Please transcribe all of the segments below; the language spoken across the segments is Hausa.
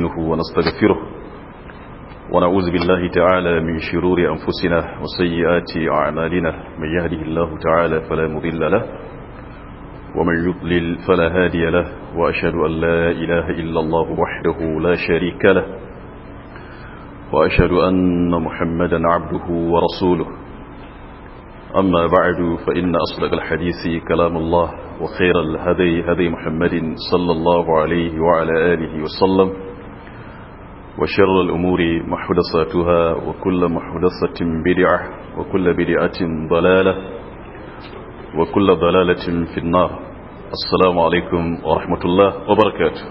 نستعينه ونستغفره ونعوذ بالله تعالى من شرور أنفسنا وسيئات أعمالنا من يهده الله تعالى فلا مضل له ومن يضلل فلا هادي له وأشهد أن لا إله إلا الله وحده لا شريك له وأشهد أن محمدا عبده ورسوله أما بعد فإن أصدق الحديث كلام الله وخير الهدي هدي محمد صلى الله عليه وعلى آله وسلم وشر الأمور محدثاتها وكل محدثة بدعة وكل بدعة ضلالة وكل ضلالة في النار السلام عليكم ورحمة الله وبركاته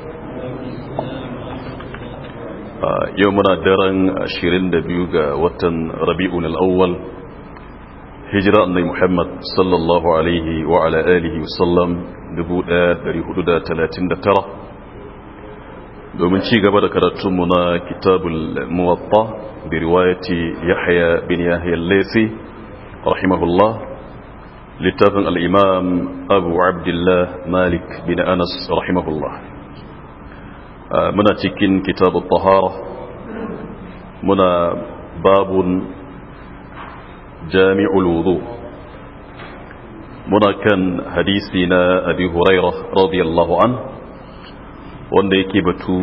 آه، يومنا دارن شيرين دبيوغا وطن ربيعنا الأول هجرة النبي محمد صلى الله عليه وعلى آله وسلم دبوء داري حدودة 39 domin ci gaba da karatunmu na kitabul muwatta bi riwayati yahya bin yahya al-laythi rahimahullah littafin al-imam abu abdullah malik bin anas rahimahullah muna cikin kitabul tahara muna babun jami'ul wudu muna kan hadisi na abi hurairah radiyallahu anhu wanda yake batu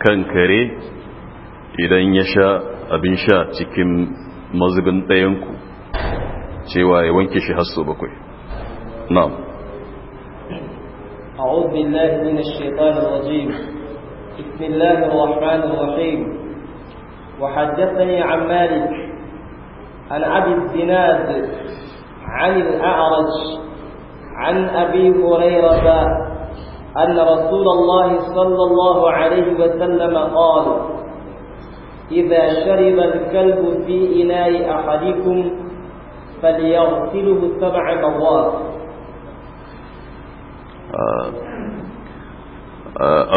kan kare idan ya sha abin sha cikin mazubin ɗayanku cewa ya wanke shi hasso bakwai na'am أعوذ بالله من الشيطان الرجيم بسم الله الرحمن الرحيم وحدثني عن مالك عن أبي الزناد عن الأعرج عن أبي هريرة أن رسول الله صلى الله عليه وسلم قال إذا شرب الكلب في إناء أحدكم فليغسله سبع مرات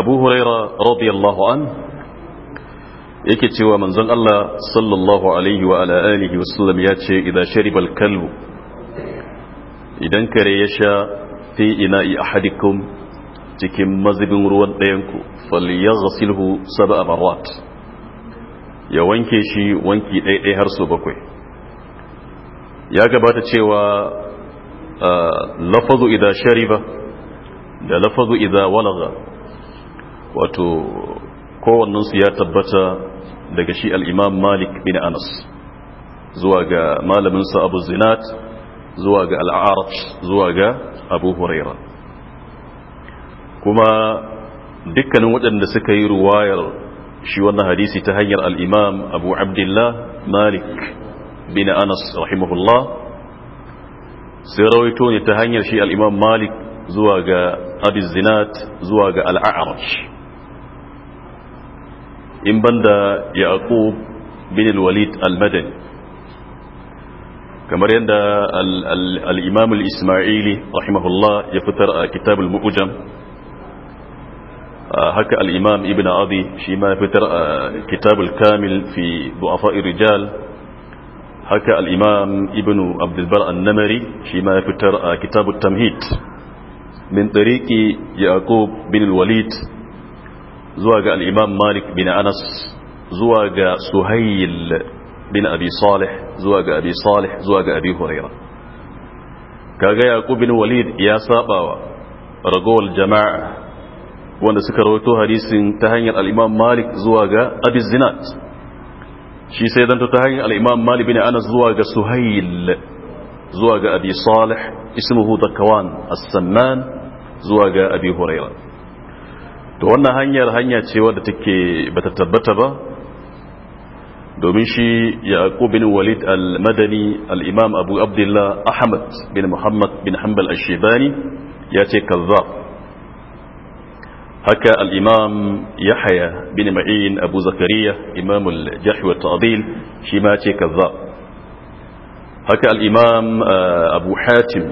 أبو هريرة رضي الله عنه yake cewa manzon Allah sallallahu alaihi wa ala alihi wasallam ya ce idan sharibal kalbu idan kare ya sha fi ina'i ahadikum cikin mazibin ruwan ɗayanku falyaghsilhu sab'a marrat ya wanke shi wanki ɗaiɗai har su bakwai ya gabata cewa lafazu idza shariba da lafazu idan walagha wato kowannensu ya tabbata daga shi al-imam malik bin anas zuwa ga malaminsa abu zinat zuwa ga al'arat zuwa ga abu huraira kuma dukkanin waɗanda suka yi ruwayar shi wannan hadisi ta hanyar al'imam abu abdullah malik bin anas rahimahullah sai rawaito ne ta hanyar shi al'imam malik zuwa ga zinat zuwa ga al'a'arci in banda yaqub bin al-walid al-madani kamar yadda al-imam al-isma'ili rahimahullah ya fitar a kitab al-mu'jam haka al'imam ibn abi shi ma fitar a kitabul kamil fi du'afa'i rijal haka al'imam ibn abdulbar annamari shi ma fitar a kitabul tamhid min tsariki yaqub bin walid zuwa ga al'imam malik bin anas zuwa ga suhail bin abi salih zuwa ga abi salih zuwa ga abi huraira kaga yaqub bin walid ya sabawa ragowar jama'a wanda suka rawaito hadisin ta hanyar al malik zuwa ga abi zinat shi sai zanto ta hanyar al malik bin anas zuwa ga suhail zuwa ga abi salih ismuhu kawan as-sannan zuwa ga abi huraira to wannan hanyar hanya ce wadda take bata tabbata ba domin shi yaqub bin walid al-madani al-imam abu abdullah ahmad bin muhammad bin hanbal ash-shibani ya ce kazzab حكى الإمام يحيى بن معين أبو زكريا إمام الجرح والتعضيل شماتي كذاب حكى الإمام آه، أبو حاتم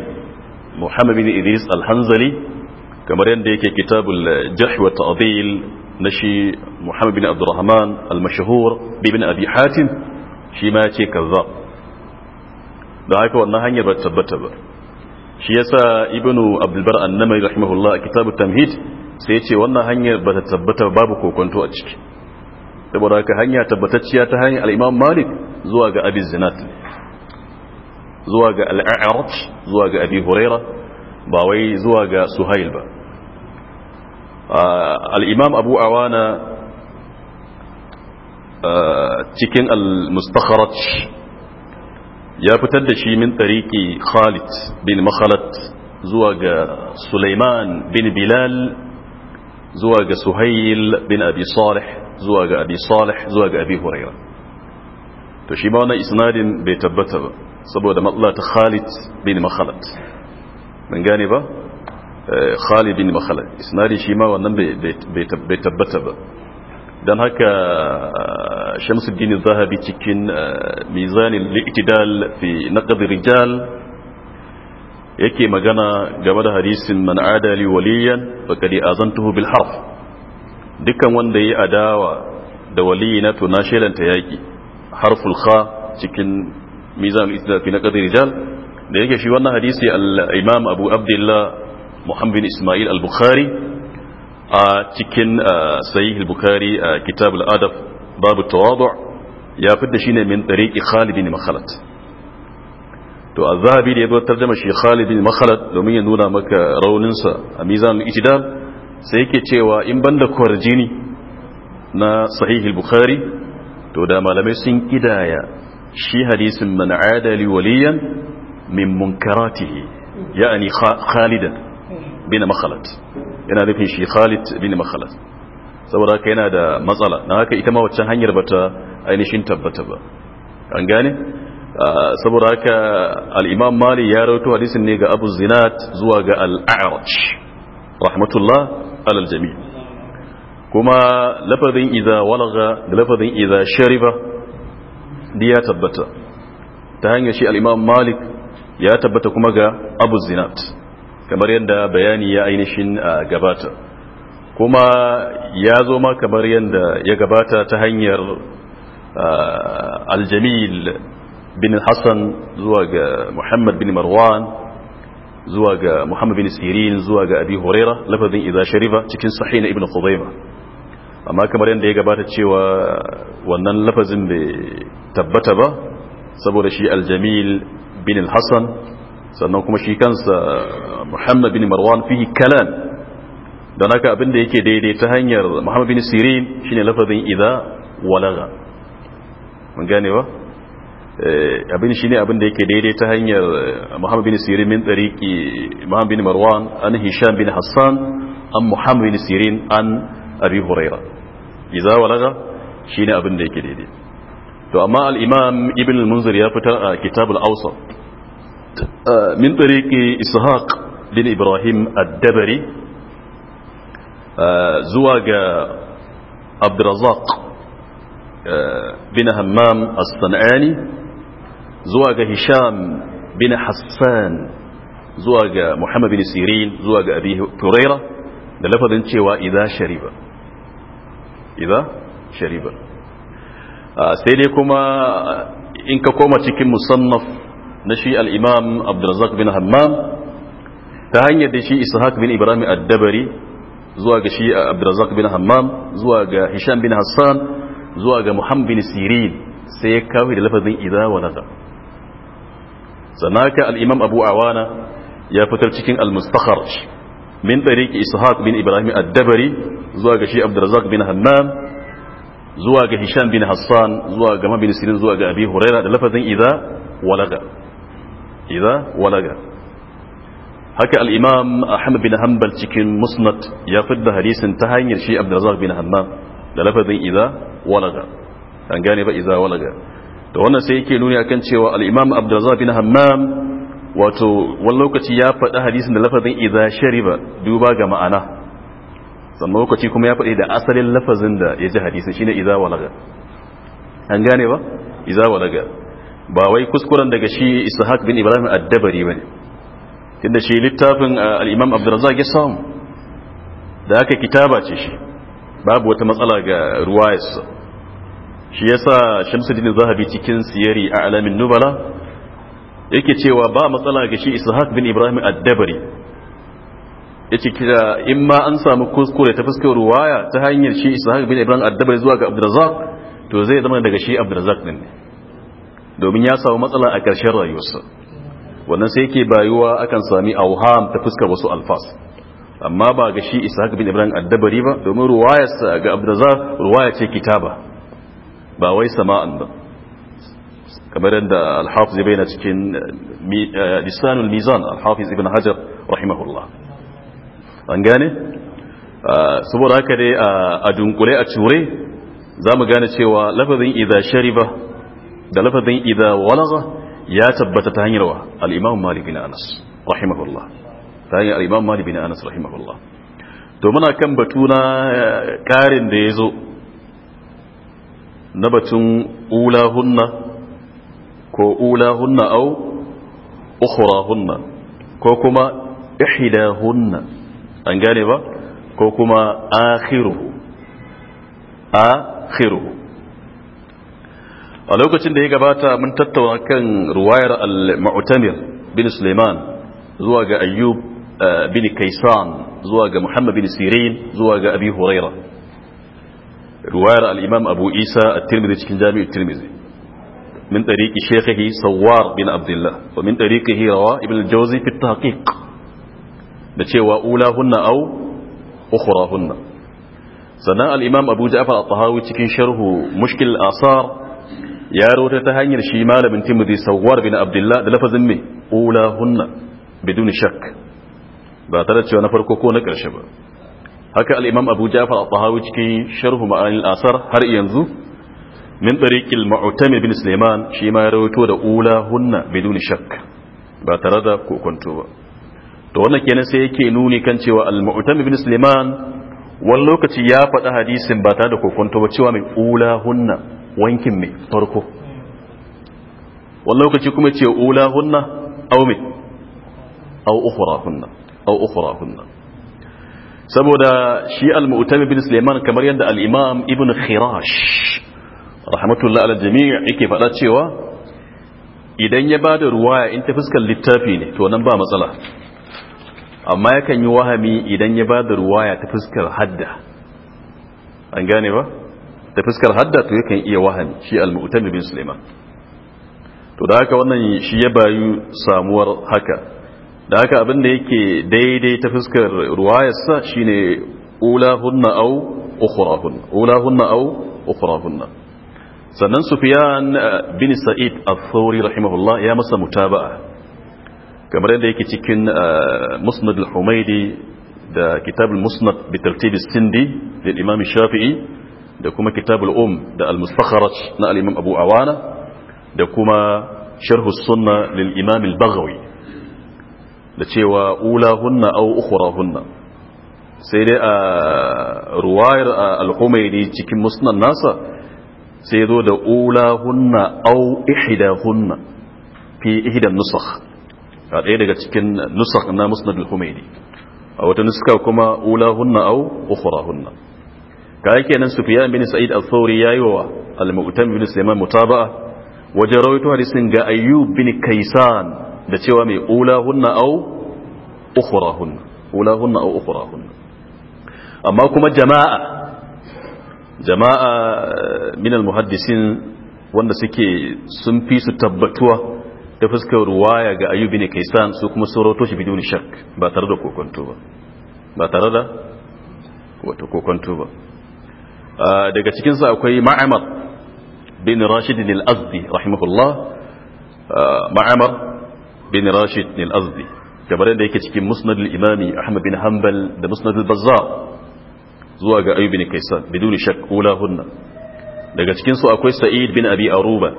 محمد بن إدريس الحنزلي كما رأيك كتاب الجرح والتعضيل نشي محمد بن عبد الرحمن المشهور بابن أبي حاتم شماتي كذاب da haka wannan hanyar ba tabbata ba shi yasa ibnu abdulbar annamai rahimahullah sai ce wannan hanyar ba ta tabbata babu kokonto a ciki saboda haka hanya tabbatacciya ta hanyar al'imam malik zuwa ga abi zinat zuwa ga al'arab zuwa ga abi huraira ba wai zuwa ga suhail ba al'imam abu awana cikin al-mustakharat ya fitar da shi min tariki khalid bin makhalat zuwa ga suleiman bin bilal زواج سهيل بن أبي صالح زواج أبي صالح زواج أبي هريرة تشيبان إسناد بيتبتر سبود مطلة خالد بن مخلت من جانب آه، خالد بن مخلت إسناد شيما ونم بيتبتر دان هكا آه، شمس الدين الذهبي تكين آه، ميزان الاعتدال في نقد الرجال yake magana game da hadisin man adali waliyan faqad azantuhu bil harf dukkan wanda yi adawa da waliyi na to na shelanta yaki harful kha cikin mizan al-istidlal na naqd rijal da yake shi wannan hadisi al-imam abu abdullah muhammad isma'il al-bukhari a cikin sahih al-bukhari kitab al-adab babu tawadu ya fidda shine min tariqi khalid bin makhalat to azhabi da ya zo tarjama shi Khalid bin Makhlad domin ya nuna maka sa a mizanul ijtihad sai yake cewa in banda kwarjini na sahihul bukhari to da malamai sun kidaya shi hadisin man adali waliyan min munkaratihi ya'ani Khalidan bin Makhlad yana nufin shi Khalid bin Makhlad saboda haka yana da matsala na haka ita ma waccan hanyar bata ainihin tabbata ba an gane saboda haka alimam malik mali ya rawaito hadisin ne ga abu zinat zuwa ga al-a'raj rahmatullah alal kuma lafazin iza walaga da lafazin iza shariba da ya tabbata ta hanyar shi al malik ya tabbata kuma ga abu zinat kamar yadda bayani ya ainihin gabata kuma ya zo ma kamar yadda ya gabata ta hanyar aljamil bin hassan zuwa ga muhammad bin marwan zuwa ga muhammad bin sirin zuwa ga abi huraira lafazin idza Sharifa cikin sahih na ibnu amma kamar yadda ya gabata cewa wannan lafazin bai tabbata ba saboda shi aljamil bin hassan sannan kuma shi kansa muhammad bin marwan fihi kalan don haka abin da yake daidai ta hanyar muhammad bin sirin shine lafazin idza walaga mun gane ba abin shi ne abin da yake daidai ta hanyar muhammad bin sirin min tsariki muhammad bin marwan an hisham bin hassan an muhammad bin sirin an abi huraira iza walaga shi ne abin da yake daidai to amma al'imam ibn al-munzir ya fitar a kitab al-ausa min tsariki ishaq bin ibrahim ad-dabari zuwa ga abdurazak bin hammam as-sana'ani zuwa ga hisham bin hassan zuwa ga muhammad bin sirin zuwa ga abi turaira da lafazin cewa idza shariba idza shariba ah, sai dai kuma in ka koma cikin musannaf na shi al-imam bin hammam ta hanyar da shi ishaq bin ibrahim ad zuwa ga shi abdurrazzaq bin hammam zuwa ga hisham bin hassan zuwa ga muhammad bin sirin sai ya kawo da lafazin idza walaga sanaka al-imam abu awana ya fitar cikin al-mustakharj min tariqi ishaq bin ibrahim ad zuwa ga shi abdurrazzaq bin hannan zuwa ga hisham bin hassan zuwa ga mabin sirin zuwa ga abi huraira da lafazin idza walaga idza walaga haka al-imam ahmad bin hanbal cikin musnad ya fidda hadisin ta hanyar shi abdurrazzaq bin hannan da lafazin idza walaga an gane ba idza walaga to wannan sai yake nuni akan cewa al-imam abdurrazzaq bin hammam wato wani lokaci ya faɗi hadisin da lafazin idza shariba duba ga ma'ana sannan lokaci kuma ya faɗi da asalin lafazin da ya ji hadisin shine idza walaga an gane ba idza walaga ba wai kuskuren daga shi ishaq bin ibrahim ad-dabari bane tunda shi littafin al-imam abdurrazzaq ya samu da aka kitaba ce shi babu wata matsala ga ruwayarsa shi yasa shamsuddin zahabi cikin siyari a alamin nubala yake cewa ba matsala ga shi ishaq bin ibrahim ad-dabari yace kira in ma an samu kuskure ta fuskar ruwaya ta hanyar shi ishaq bin ibrahim ad-dabari zuwa ga abdurrazzaq to zai zama daga shi abdurrazzaq din ne domin ya samu matsala a ƙarshen rayuwarsa wannan sai yake bayuwa akan sami auham ta fuskar wasu alfas amma ba ga shi ishaq bin ibrahim ad-dabari ba domin ruwayarsa ga abdurrazzaq ruwaya ce kitaba ba wai sama'an ba kamar yadda alhafiz bai na cikin eh, lisanul mizan alhafiz ibn hajar rahimahullah an gane ah, saboda haka dai ah, a dunkule a ture za mu gane cewa lafazin idha shariba da lafazin idha walaga ya tabbata ta hanyar wa al-imam malik bin anas rahimahullah ta hanyar al-imam malik bin anas rahimahullah to muna kan batu na karin eh, da ya zo na batun ulahunna ko ulahunna au ukhrahunna ko kuma ihdahunna an gane ba ko kuma akhiruhu akhiruhu a lokacin da ya gabata mun tattauna kan ruwayar al-mu'tamir bin Suleiman zuwa ga Ayyub eh, bin Kaisan zuwa ga Muhammad bin Sirin zuwa ga Abi huraira. رواية الإمام أبو عيسى الترمذي في جامع الترمذي من طريق شيخه سوار بن عبد الله ومن طريقه رواه ابن الجوزي في التحقيق اولى هن أو أخراهن سنا الإمام أبو جعفر الطهاوي تكن شره مشكل الآثار يا روتة تهاني الشيمال بن تمذي سوار بن عبد الله لفظ اولى هن بدون شك باترت شو نفرقو كونك الشباب haka al-imam abu jafar al-tahawi cikin sharhu ma'anin asar har yanzu min tariqil mu'tami bin Suleiman shi ma ya rawaito da ula hunna biduni shak. ba tare da kokonto ba to wannan kenan sai yake nuni kan cewa al-mu'tami bin Suleiman wani lokaci ya faɗi hadisin ba tare da kokonto ba cewa mai ula hunna wankin mai farko wani lokaci kuma ce ula hunna au mai au ukhra hunna au ukhra hunna saboda shi al-mu'tami bin Suleiman kamar yadda al-Imam Ibn Khirash rahmatullah ala jami' yake faɗa cewa idan ya bada ruwaya in ta fuskar littafi ne to nan ba matsala amma yakan yi wahami idan ya bada ruwaya ta fuskar hadda an gane ba ta fuskar hadda to yakan iya wahami shi al-mu'tami bin Suleiman to da haka wannan shi ya bayu samuwar haka da haka abin da yake daidai ta fuskar ruwayarsa shine ulahunna au ukhrahunna ulahunna au ukhrahunna sannan sufyan eh, bin sa'id al-thawri rahimahullah ya masa mutaba'a kamar yadda yake cikin eh, musnad al-humaydi da kitab al-musnad bi tartib as-sindi da imam shafi'i da kuma kitab al-um da al-mustakhraj na al-imam abu awana da kuma sharh as-sunna lil imam al-baghawi da cewa ulahunna au ukhrahunna sai dai a ruwayar al-humaydi cikin musnad nasa sai zo da ulahunna au ihdahunna fi ihda nusakh a ɗaya daga cikin nusakh na musnad al-humaydi a wata nuska kuma ulahunna au ukhrahunna yake kenan sufyan bin sa'id al-thawri yayi wa al-mu'tam bin sulaiman mutaba'a wajen rawaito hadisin ga ayyub bin kaisan da cewa mai ulahunna au ula ulahunna au ukhurahunna amma kuma jama'a jama'a eh, minal muhaddisin wanda suke sun fi su tabbatuwa da fuskar ruwaya ga ayyubi ne kaisan su kuma saurato shi biduni shak ba tare da kokonto ba ba tare da wata kokonto ba eh, daga su akwai ma'amar bin rashid al-azdi rahimahullah eh, ma'amar bin rashid bin azdi kamar yadda yake cikin musnad al-imami ahmad bin hanbal da musnad al-bazzar zuwa ga ayyub bin kaisan biduni shak ulahunna daga cikin su akwai sa'id bin abi aruba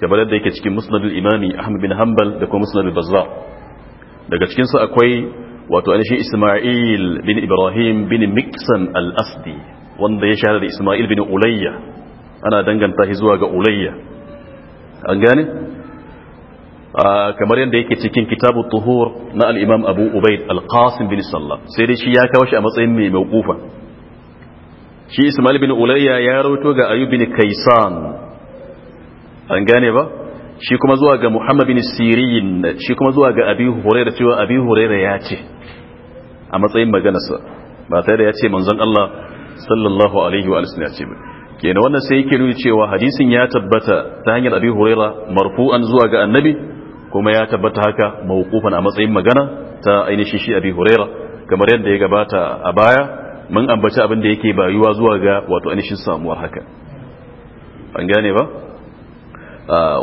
kamar yadda yake cikin musnad al-imami ahmad bin hanbal da kuma musnad al-bazzar daga cikin su akwai wato anishin isma'il bin ibrahim bin miksan al-asdi wanda ya shahara da isma'il bin ulayya ana danganta shi zuwa ga ulayya an gane kamar yadda yake cikin kitabu tuhur na al'imam abu ubaid al-qasim bin Sallah. sai dai shi ya kawo shi a matsayin mai mawkufa shi ismail bin ulayya ya rawato ga ayub bin kaisan an gane ba shi kuma zuwa ga muhammad bin sirin shi kuma zuwa ga abi hurairah cewa abi hurairah ya ce a matsayin maganarsa ba tare da ya ce manzon Allah sallallahu alaihi wa sallam ya ce ba kenan wannan sai yake nuna cewa hadisin ya tabbata ta hanyar abi hurairah marfu'an zuwa ga annabi kuma ya tabbata haka mawqufan a matsayin magana ta ainihin shi abi huraira kamar yadda ya gabata a baya mun ambaci abin da yake bayuwa zuwa ga wato ainihin samuwar haka an gane ba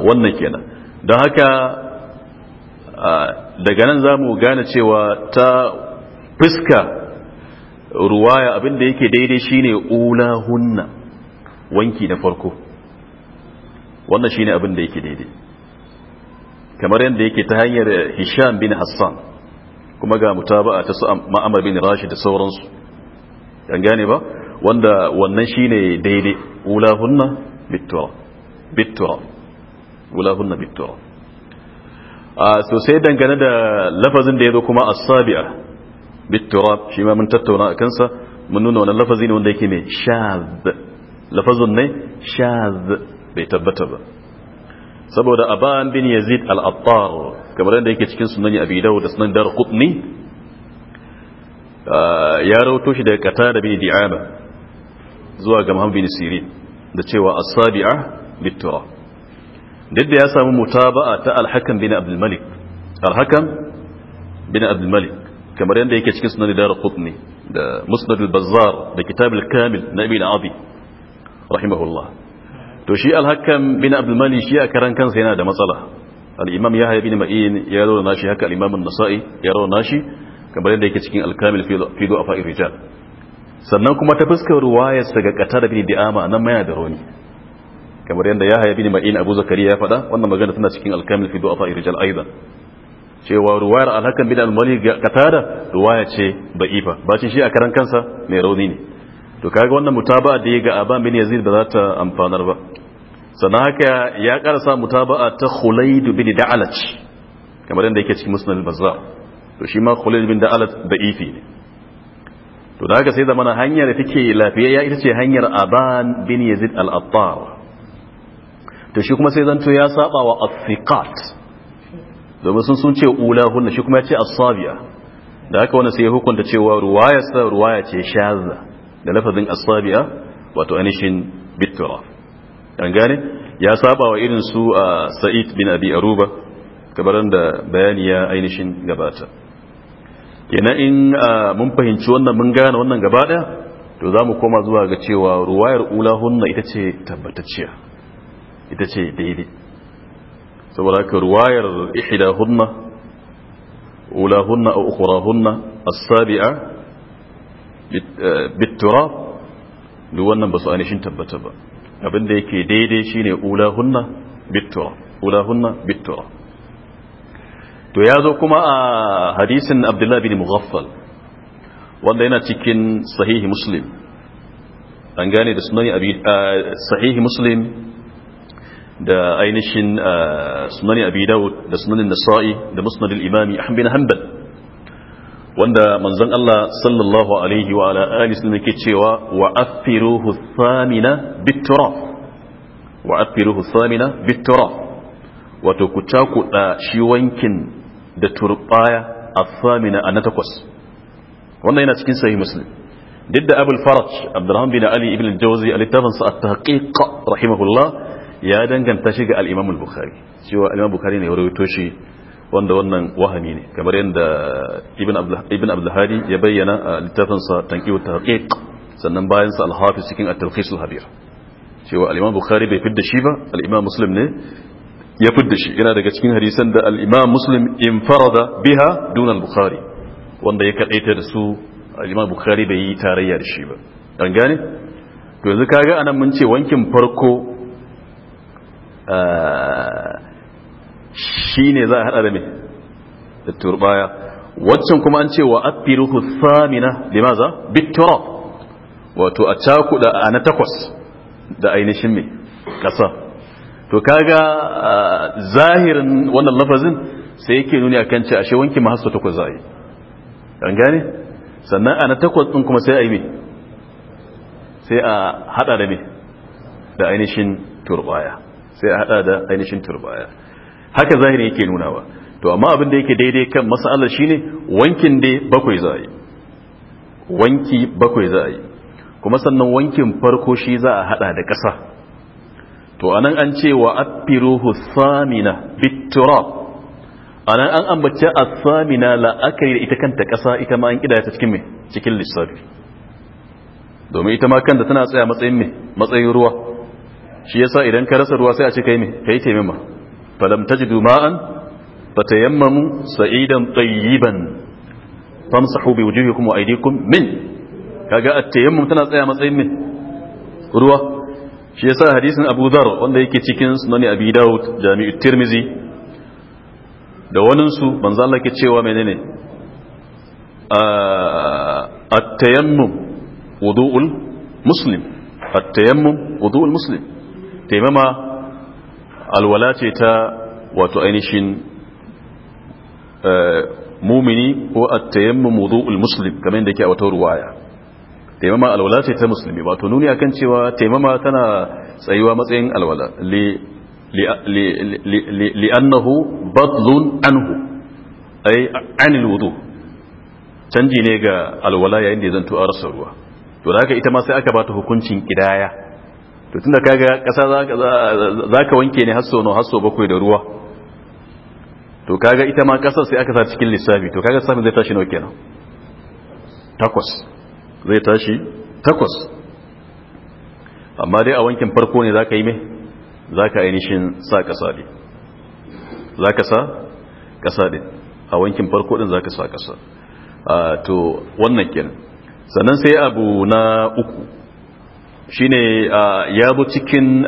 wannan kenan don haka daga nan za mu gane cewa ta fiska ruwaya abin da yake daidai shine ula hunna wanki na farko wannan shine abin da yake daidai kamar yadda yake ta hanyar hisham bin hassan kuma ga mutaba'a ta su ma'amar bin rashid da sauransu an gane ba wanda wannan shine daidai ulahunna bittura bittura ulahunna bittura a sosai dangane da lafazin da ya zo kuma as-sabi'a bittura shi ma mun tattauna a kansa mun nuna wannan lafazi ne wanda yake mai shaz lafazun ne shaz bai tabbata ba saboda aban bin yazid al-attar kamar yadda yake cikin sunan abi dawud da sunan darqutni ya rawato shi daga qatada bin di'ama zuwa ga muhammad bin sirin da cewa as-sabi'a bitura duk da ya samu mutaba'a ta al-hakam bin al malik al-hakam bin al malik kamar yadda yake cikin sunan darqutni da musnad al-bazzar da kitab al-kamil na ibn abi rahimahullah to shi alhakan bin abdulmali shi a karan kansa yana da matsala al'imam ya haifi ma'in ya rauna nashi haka al'imamin nasa'i ya rauna nashi kamar yadda yake cikin alkamil filo a fa'ir rijal sannan kuma ta fuskar ruwayar daga qatada bin di'ama nan ma da rauni kamar yadda ya haifi ma'in abu zakariya ya faɗa wannan magana tana cikin alkamil filo a fa'ir rijal aidan cewa ruwayar alhakan bin almali ga katada ruwaya ce ba'ifa bacin shi a karan kansa mai rauni ne to kaga wannan mutaba da ya ga aban bin yazid ba za ta amfanar ba sannan haka ya karasa mutaba'a ta khulaidu bin da'alat kamar yadda yake cikin musnad al-bazzar to shi ma khulaid bin da'alat da ifi ne to da haka sai zamana hanyar da take ya ita ce hanyar aban bin yazid al-attar to shi kuma sai zanto ya saba wa athiqat domin sun sun ce ulahunna shi kuma ya ce as-sabiya da haka wannan sai ya hukunta cewa ruwaya sa ruwaya ce shaza da lafazin as-sabiya wato anishin bitraf an gane ya saba wa irin su a sa'id bin abi aruba kabaran da bayani ya ainihin gabata kenan in mun fahimci wannan mun gane wannan gaba daya to za mu koma zuwa ga cewa ruwayar ulahunna ita ce tabbatacciya ita ce daidai saboda haka ruwayar ihdahunna ulahunna a ukhrahunna as-sabi'a bit-turab duk wannan ba su ainihin tabbata ba abin da yake daidai shine ulahunna bittura ulahunna bittura to ya zo kuma a hadisin abdullahi bin mughaffal wanda yana cikin sahihi muslim an gane da sunan abi sahihi muslim da ainihin sunan abi daud da sunanin nasa'i da musnad imami ahmad bin hanbal wanda manzon Allah sallallahu alaihi wa ala alihi wasallam yake cewa wa afiruhu thamina bitura wa afiruhu thamina wato ku cakuɗa shi wankin da turbaya a thamina a na takwas wannan yana cikin sahih muslim duk da abul faraj abdurrahman bin ali ibn jawzi a littafinsa at-tahqiq rahimahullah ya danganta shi ga al-imam al-bukhari cewa al-imam bukhari ne ya rawaito shi wanda wannan wahami ne kamar yadda ibn abdulhadi ya bayyana a littafinsa wa tahqiq sannan bayan sa al-hafiz cikin at-talqis al-habir cewa al-imam bukhari bai fidda shi ba al-imam muslim ne ya fidda shi yana daga cikin hadisan da al-imam muslim farada biha duna al-bukhari wanda ya ta da su al-imam bukhari bai yi tarayya da shi ba an gane to yanzu kaga anan mun ce wankin farko eh, shi ne za a haɗa da mai da turbaya waccan kuma an ce wa afiruhu samina limaza bittura wato a cakuda a na takwas da ainihin mai ƙasa to kaga zahirin wannan lafazin sai yake nuni a kan ce ashe wanki mahasta takwas za a yi an gane sannan a na takwas ɗin kuma sai a yi mai sai a haɗa da mai da ainihin turbaya sai a haɗa da ainihin turbaya haka zahiri yake nunawa to amma abin da yake daidai kan masalar shine wankin dai bakwai za a yi wanki bakwai za a yi kuma sannan wankin farko shi za a hada da ƙasa to anan an ce wa afiruhu samina biturab anan an ambace as-samina la'akari da ita kanta ƙasa ita ma an kidaya ta cikin me cikin lissafi domin ita ma kanta tana tsaya matsayin me matsayin ruwa shi yasa idan ka rasa ruwa sai a ce kai me kai taimama falam tajidu ma'an fatayammamu sa'idan tayyiban famsahu bi wujuhikum wa aydikum min kaga at-tayammum tana tsaya matsayin min ruwa shi yasa hadisin Abu wanda yake cikin Sunan Abi Dawud Jami'ut Tirmizi da wanin su manzo Allah ke cewa menene at-tayammum wudu'ul muslim at-tayammum wudu'ul taimama alwala ce ta wato ainihin eh, mumini ko a tayammu mudu muslim game da ke a wata ruwaya taimama alwala ce ta musulmi wato nuni akan cewa taimama tana tsayuwa matsayin alwala li'annahu Batlun, anhu ay anil wudu canji ne ga alwala yayin da zan zanto a rasa ruwa to da haka ita ma sai aka bata hukuncin kidaya to tunda kaga kasa za ka wanke ne hasso no hasso bakwai da ruwa to kaga ita ma kasar sai aka sa cikin lissafi to kaga lissafin zai tashi nawa kenan takwas zai tashi takwas amma dai a wankin farko ne za ka yi mai za ka ainihin sa kasa ne za ka sa kasa ne a wankin farko din za ka sa kasa ah, to wannan kenan sannan sai abu na uku shine ya bu cikin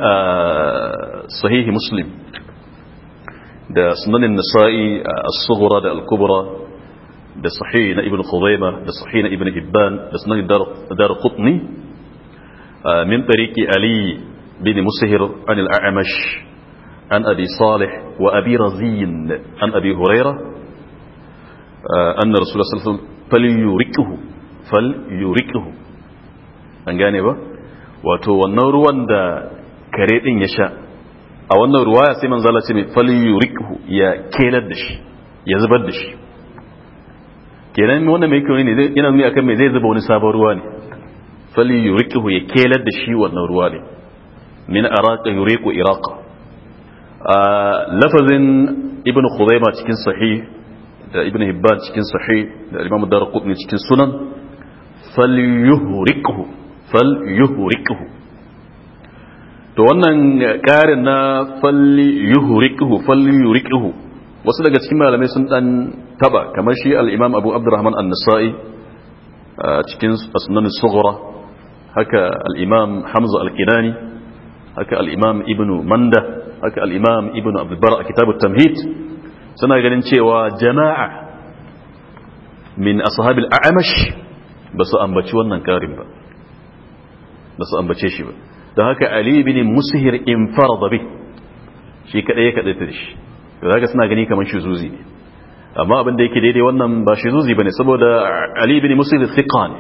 sahihi muslim da sunanin nasa'i as-sughra da al-kubra da sahihi na ibn khuzaima da sahihi na ibn hibban da sunanin dar qutni min tariqi ali bin musahir an al-a'mash an abi salih wa abi razin an abi huraira anna rasulullah sallallahu alaihi wasallam fal yurikuhu an gane ba wato wannan ruwan da kare din ya sha a wannan ruwa ya sai manzo Allah ce mai falyurikhu ya kelar da shi ya zubar da shi kenan wannan mai kyau ne yana nuni akan mai zai zuba wani sabon ruwa ne falyurikhu ya kelar da shi wannan ruwa ne min araka araqa yuriqu iraqa lafazin ibn khuzaima cikin sahih da ibn hibban cikin sahih da imam darqutni cikin sunan falyuhriqhu fal yuhriquhu to wannan ƙarin na fal yuhriquhu fal yuhriquhu wasu daga cikin malamai sun dan taba kamar shi al-imam Abu Abdurrahman An-Nasa'i cikin sunan sughra haka al-imam Hamza Al-Kinani haka al-imam Manda haka al-imam Ibn Abdul Bar a kitabut tamhid suna ganin cewa jama'a min ashabil a'mash ba su ambaci wannan karin ba ba su ambace shi ba don haka ali bin musihir in fara bi shi kadai ya kadai ta da shi da haka suna gani kamar shuzuzi ne amma abin da yake daidai wannan ba shi zuzi ba ne saboda ali bin musihir thiqa ne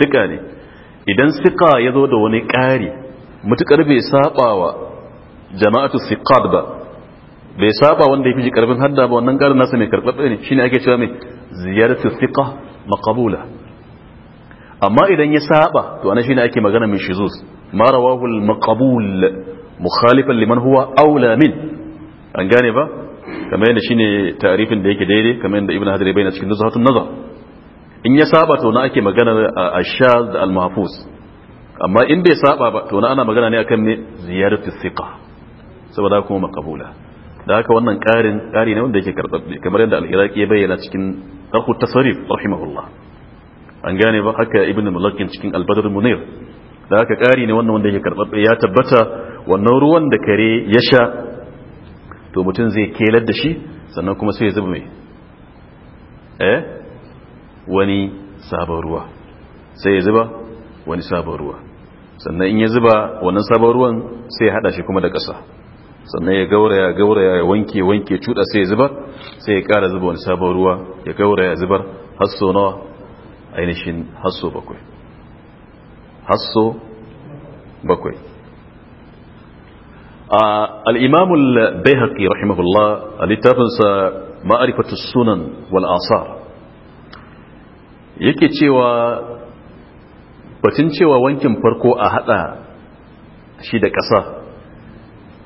thiqa ne idan thiqa ya zo da wani ƙari matuƙar bai saba wa jama'atu thiqat ba bai saba wanda ya fi karfin hadda ba wannan ƙarin nasa mai karɓaɓɓe ne shine ake cewa mai ziyaratu thiqa maqbula amma idan ya saba to ana ne ake magana min shizuz ma rawahu al maqbul mukhalifan liman huwa aula min an gane ba kamar yadda shi ne tarifin da yake daidai kamar yadda Ibn hajar bai na cikin nuzhatun nazar in ya saba to na ake magana a ashaz da al mahfuz amma in bai saba ba to na ana magana ne akan ne ziyaratu thiqa saboda kuma makabula da haka wannan karin kari ne wanda yake karbabbe kamar yadda al-iraqi ya bayyana cikin tarhu tasarif rahimahullah an gane ba haka ibn mulakin cikin albadar munir da haka kari ne wannan wanda yake karɓaɓɓe ya tabbata wannan ruwan da kare ya sha to mutum zai kelar da shi sannan kuma sai ya zuba mai eh wani sabon ruwa sai ya zuba wani sabon ruwa sannan in ya zuba wannan sabon ruwan sai ya hada shi kuma da ƙasa sannan ya gauraya gauraya ya wanke wanke cuda sai ya zubar sai ya ƙara zuba wani sabon ruwa ya gauraya zubar har sau nawa ainihin hasso bakwai hasso bakwai al'imamul bai haƙi rahimahullah a littafinsa ma'arifatu sunan wal'asar yake cewa batun cewa wankin farko a haɗa shi da ƙasa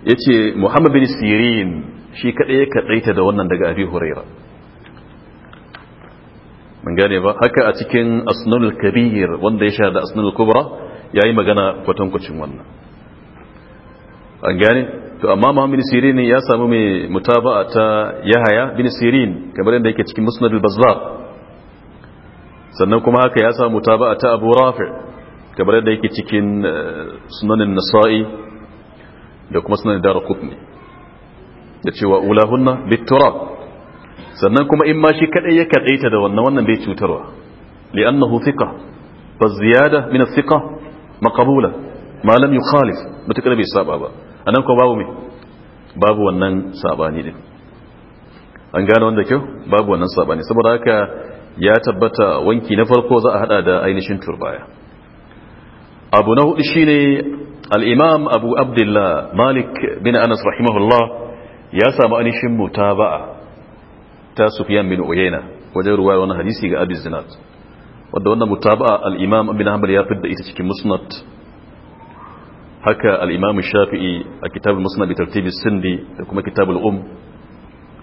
ya ce muhammad bin sirin shi kaɗai ya kaɗaita da wannan daga abi huraira mun gane ba haka a cikin asnul kabir wanda ya sha da asnul kubra ya yi magana kwatankwacin wannan an gane to amma muhammad sirin ya samu mai mutaba'a ta yahaya bin sirin kamar yadda yake cikin musnad al-bazzar sannan kuma haka ya samu mutaba'a ta abu rafi kamar yadda yake cikin eh, sunanin nasa'i da kuma sunanin darqutni da cewa ulahunna biturab sannan kuma in ma shi kadai ya kadaita da wannan wannan bai cutarwa li'annahu thiqa fa ziyada min thiqa maqbula ma lam yukhalif mutakar bai saba ba anan ko babu me babu wannan sabani din an gane wanda kyau babu wannan sabani saboda haka ya tabbata wanki na farko za a hada da ainihin turbaya abu na hudu shine al-imam abu abdullah malik bin anas rahimahullah ya samu ainihin mutaba'a ta sufiyan bin uyena wajen ruwa wani hadisi ga abu zinat wadda wannan mutaba al'imam abin hamar ya fidda ita cikin musnad haka al'imam shafi'i a kitabul musnad bi tartibi sindi da kuma kitabul um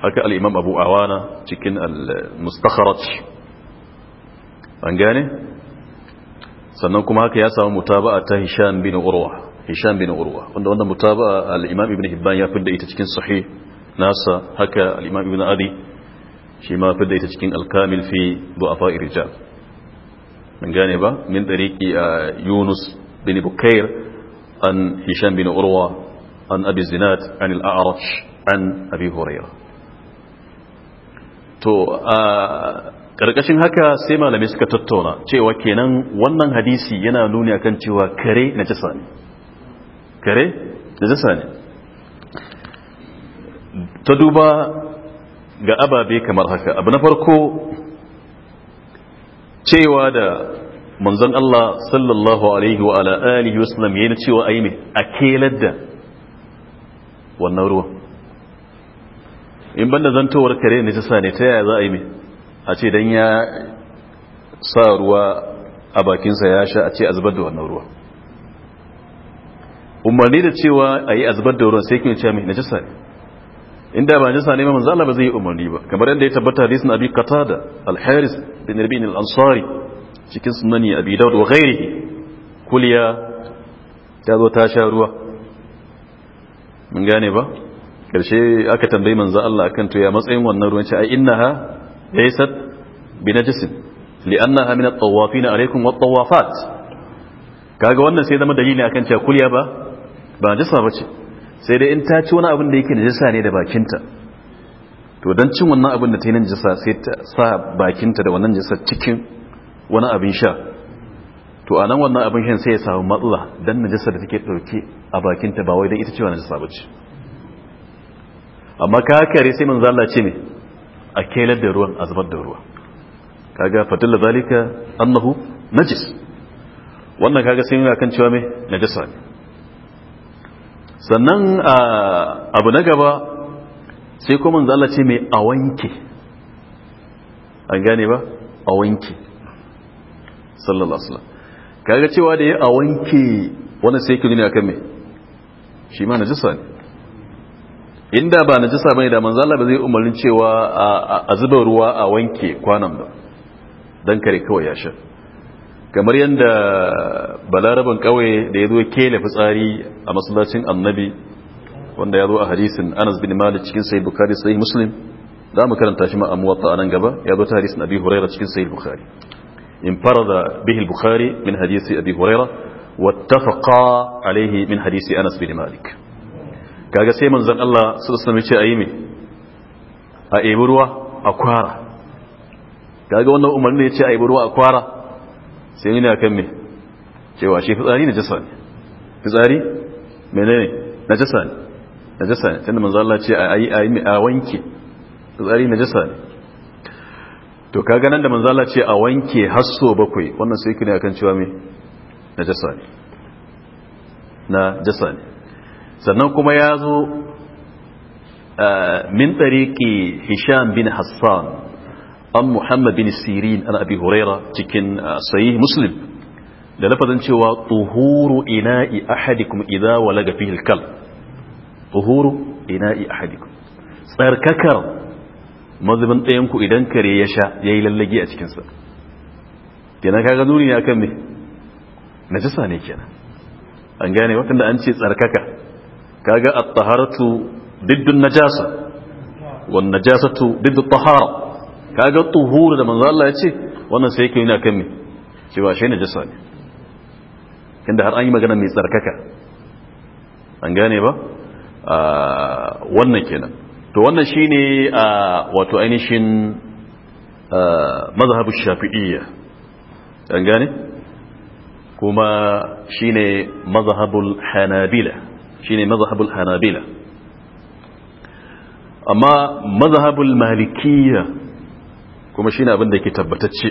haka al'imam abu awana cikin al-mustakharat an gane sannan kuma haka ya samu mutaba'a ta hisham bin urwa hisham bin urwa wanda wannan mutaba'a al-imam ibn hibban ya fidda ita cikin sahih nasa haka al-imam ibn adi shi ma fi ita cikin alkamil fi du'afa irja mun gane ba min dariki a yunus bin bukair an hisham bin urwa an abi zinat an al-a'raj an abi hurairah to a haka sai malamai suka tattauna cewa kenan wannan hadisi yana nuni akan cewa kare na jasa ne kare na jasa ne ta duba ga ababe kamar haka abu na farko cewa da manzon Allah sallallahu alaihi wa ala alihi wasallam yana cewa ayi mai a kelar da wannan ruwa in banda zantowar kare ne ta sane ta yaya za a yi mai a ce dan ya sa ruwa a bakinsa ya sha a ce a zubar da wannan ruwa umarni da cewa a yi a zubar da ruwan sai kuma ce mai najasa ne inda ba nisa ne manzo Allah ba zai yi umarni ba kamar yadda ya tabbata hadisin Abi Qatada al-Haris bin Rabi'in al-Ansari cikin sunani Abi Dawud wa ghairihi kuliya ta zo ta sha ruwa mun gane ba karshe aka tambayi manzo Allah akan to ya matsayin wannan ruwan ce ai innaha laysat binajisin li'annaha min at-tawafin alaykum wat-tawafat kaga wannan sai zama dalili akan cewa kuliya ba ba najisa bace sai dai in ta ci wani abin da yake najasa ne da bakinta to don cin wannan abin da ta yi najasa sai ta sa bakinta da wannan najasa cikin wani abin sha to a nan wannan abin shan sai ya samu matsala don najasa da take ɗauke a bakinta ba wai don ita ce wani najasa ba ce amma ka kare sai manzo Allah ce ne a kelar da ruwan a zubar da ruwa kaga fatilla zalika annahu najis wannan kaga sai yana kan cewa me najasa ne sannan abu na gaba sai kuma manzo ce mai awanke. an gane ba awanke. sallallahu alaihi kaga cewa da ya awanke wani sai ki duniya kan me shi ma najisa ne inda ba najisa bane da manzala ba zai umarin cewa a zuba ruwa a wanke kwanan ba dan kare kawai ya sha kamar yadda balaraban kawai da ya zo kele fitsari a masallacin annabi wanda ya zo a hadisin anas bin malik cikin sai bukari sai muslim za mu karanta shi ma a nan gaba ya zo ta hadisin abi huraira cikin sai bukari in fara da bihil bukari min hadisi abi huraira faƙa alaihi min hadisi anas bin malik kaga sai manzan Allah su alaihi wasallam a ce a ebi ruwa a kwara kaga wannan umarni ne ya ce a ebi ruwa a kwara sai yana kan me cewa shi fitsari na jasa ne fitsari menene na jasa ne na jasa ne tunda manzo Allah ce a yi a wanke fitsari na jasa ne to kaga nan da manzo Allah ce a wanke hasso bakwai wannan sai kine kan cewa me na jasa ne na jasa ne sannan kuma ya zo eh, min tariki hisham bin hassan an muhammad bin sirin an abi huraira cikin uh, sahih muslim da lafazin cewa tuhuru ina'i ahadikum idza walaga fihi al tuhuru ina'i ahadikum tsarkakar mazubin ɗayan ku idan kare ya sha yayi lallage a cikinsa. sa kenan kaga nuni ne akan me najasa ne kenan an gane wanda an ce tsarkaka kaga at-taharatu diddun najasa wan najasatu diddu tahara kaga tuhuru da manzo Allah ya ce wannan sai yake yana kan me cewa shi najasa ne inda har an yi magana mai tsarkaka an gane ba ah, wannan kenan to wannan shine ah, wato ainihin ah, mazhabu shafi'iyya an gane kuma shine mazhabul hanabila shine mazhabul hanabila amma mazhabul malikiyya kuma shi ne abin da ke tabbatacce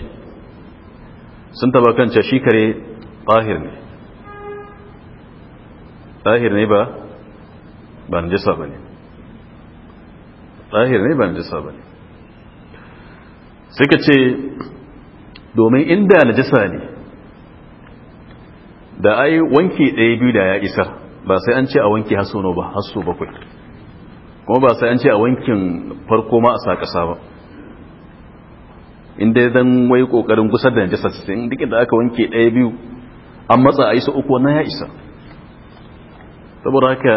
sun taba kanta shi kare ɓahir ne ɓahir ne ba ba jisa ba ne ɓahir ne ba jisa ba ne suka ce domin inda jisa ne da ai wanki ɗaya biyu da ya isa ba sai an ce a wanki haso ba haso bakwai kuma ba sai an ce a wankin farko ma a sa ƙasa ba inda zan wai kokarin gusar da najasa sai duk da aka wanke ɗaya biyu an matsa a isa uku wannan ya isa saboda haka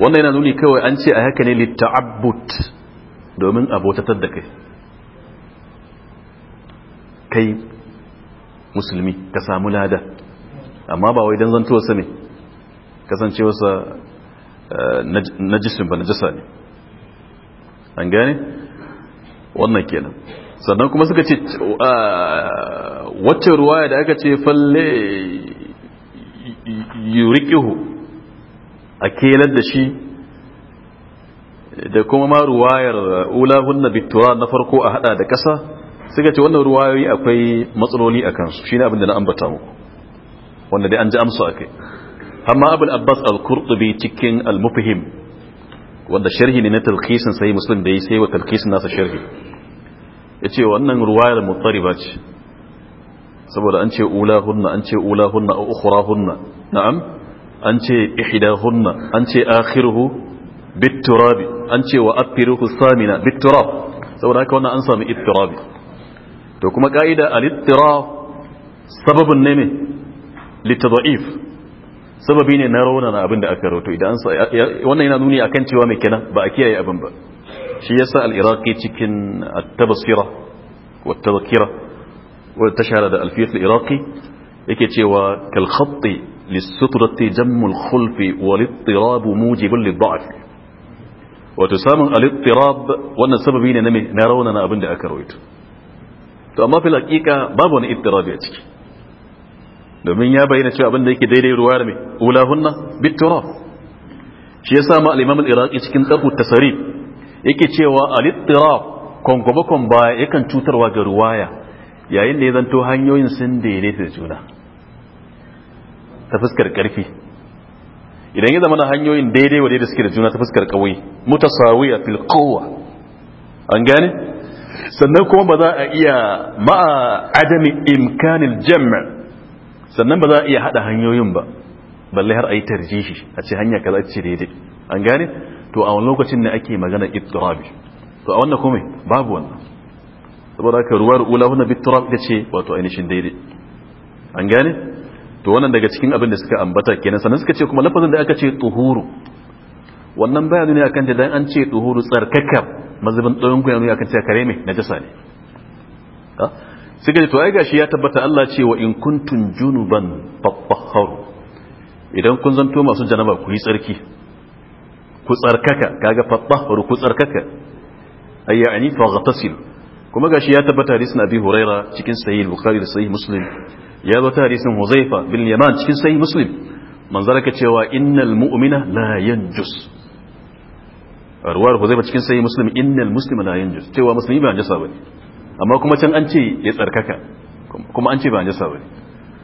wannan yana nuni kawai an ce a haka ne litta'abbut domin abotatar da kai kai musulmi ka samu lada amma ba wai don zantowarsa ne kasancewarsa eh, najisun ba najasa ne an gane wannan kenan sannan kuma suka ce ah, wacce ruwaya da aka ce falle yurikihu a kelar da shi da kuma ma ruwayar na bittura na farko a hada da kasa suka ce wannan ruwayoyi akwai matsaloli a kansu shi ne abinda na ambata muku wanda dai an ji amsa a amma abin abbas al-kurtubi cikin al-mufahim wanda sharhi ne na talkisin sai muslim da ya sai wa talkisin nasa sharhi ya ce wannan ruwayar mutsariba ce saboda an ce ula hunna an ce ula hunna a ukura na'am an ce ihida hunna an ce akhiruhu bitturabi an ce wa afiruhu samina bitturab saboda haka wannan an sami ittirabi to kuma ka'ida al-ittirab sababin ne ne litada'if sababi ne na raunana abin da aka rawato idan wannan yana nuni akan cewa mai kenan ba a kiyaye abin ba shi yasa al-iraqi cikin at-tabsira wa tadhkira wa tashhara da al-fiqh al-iraqi yake cewa kal khatti lis-sutrati jammu al-khulfi wal ittirab mujibun lid-da'f wato samun al-ittirab wannan sababi ne na me na raunana abin da aka rawaito to amma fil haqiqa babu wani ittirabi a ciki domin ya bayyana cewa abin da yake daidai ruwa da me ulahunna bit-turab shi yasa ma al-imam al-iraqi cikin tsarku tasarif yake cewa al-ittirab kwankwamakon baya yakan cutarwa ga ruwaya yayin da ya zanto hanyoyin sun daidai da juna ta fuskar karfi idan ya zama na hanyoyin daidai wa da suke da juna ta fuskar kawai mutasawiya fil kowa an gane sannan kuma ba za a iya ma'a adami imkanin Jam'a sannan ba za a iya hada hanyoyin ba balle har a yi tarjihi a ce hanya kaza ce daidai an gane to a wani lokacin ne ake magana ittirabi to a wannan kuma babu wannan saboda haka ruwar ula wannan bittirab ita ce wato ainihin daidai an gane to wannan daga cikin abin da suka ambata kenan sannan suka ce kuma lafazin da aka ce tuhuru wannan bayani ne akan da dan an ce tuhuru tsarkaka mazubin ɗoyin ku yanzu akan ce kare mai najasa ne suka ce to ai gashi ya tabbata Allah ce wa in kuntum junuban fattaharu idan kun zanto masu janaba ku yi tsarki ku tsarkaka kaga fatahuru ku tsarkaka ay ya'ni faghtasilu kuma gashi ya tabbata hadisin Abi Huraira cikin sahih Bukhari da sahih Muslim ya zo ta hadisin Huzaifa bin Yaman cikin sahih Muslim manzara ka cewa innal mu'mina la yanjus ruwar Huzaifa cikin sahih Muslim innal muslima la yanjus cewa musulmi ba najasa bane amma kuma can an ce ya tsarkaka kuma an ce ba najasa bane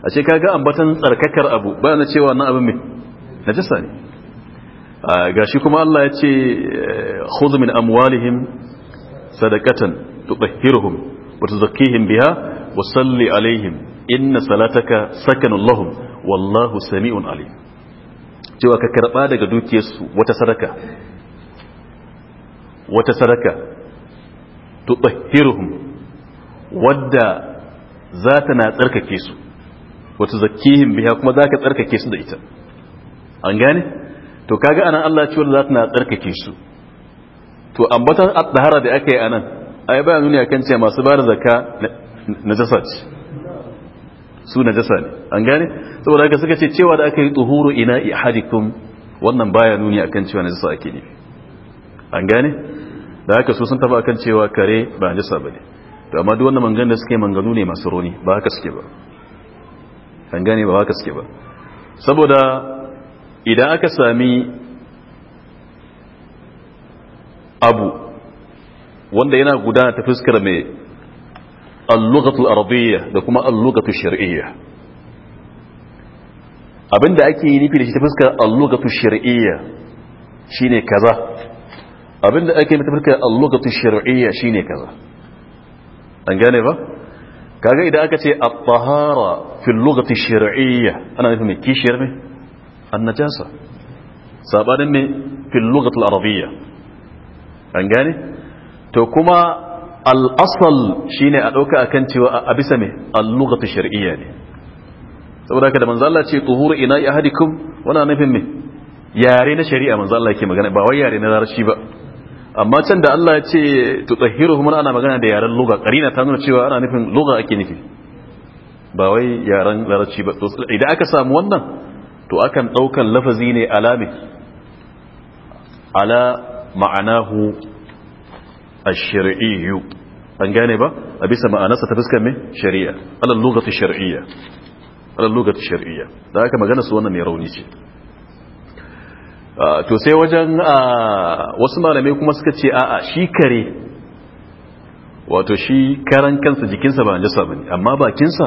a ce kaga ambatan tsarkakar abu ba na cewa na abin me najasa ne Ah, gashi kuma Allah ya ce eh, khudh min amwalihim sadaqatan tutahhiruhum wa tuzakkihim biha wa salli alaihim inna salataka sakanun lahum wallahu sami'un alim cewa ka karba daga dukiyarsu wata sadaka wata sadaka tutahhiruhum wadda za ta na tsarkake su wata zakihin biya kuma za ka tsarkake su da ita an gane to kaga anan Allah ce wanda za ta na tsarkake su to ambatan at da aka yi anan ai bayan nuni akan ce masu ba da zakka jasa ce su jasa ne an gane saboda haka suka ce cewa da aka yi tuhuru ina ihadikum wannan baya nuni akan cewa najasa ake ne an gane da haka su sun taba akan cewa kare ba ba bane to amma duk wannan mangan da suke manganu ne masu roni ba haka suke ba an gane ba haka suke ba saboda idan aka sami abu wanda yana gudana ta fuskar mai allugatul arabiyya da kuma allugatul shari'iyya abinda ake yi nufi da shi ta fuskar allugatul shari'iyya shine kaza abinda ake yi ta fuskar allugatul shari'iyya shine kaza an gane ba kaga idan aka ce at-tahara fil lughati shari'iyya ana nufin kishiyar ne annajasa sabanin ne fil lughatul arabiyya an gane to kuma al-asl shine a dauka akan cewa a bisa ne al-lughatu shar'iyya ne saboda haka da manzo Allah ce tuhuru ina ahadikum wana nufin me yare na shari'a manzo Allah yake magana ba wai yare na larabci ba amma can da Allah ya ce tutahhiruhum ana magana da yaren lugha karina ta nuna cewa ana nufin lugha ake nufi ba wai yaren larabci ba idan aka samu wannan to akan ɗaukan lafazi ne alame ala ma'anahu ash-shar'iyyu an gane ba a bisa ma'anarsa ta fuskar me shari'a ala lugati shar'iyya ala lugati shar'iyya da aka magana su wannan ne rauni ce ah, to sai wajen ah, wasu malamai kuma suka ce a'a shi kare wato shi karan kansa jikinsa ba najasa bane amma bakinsa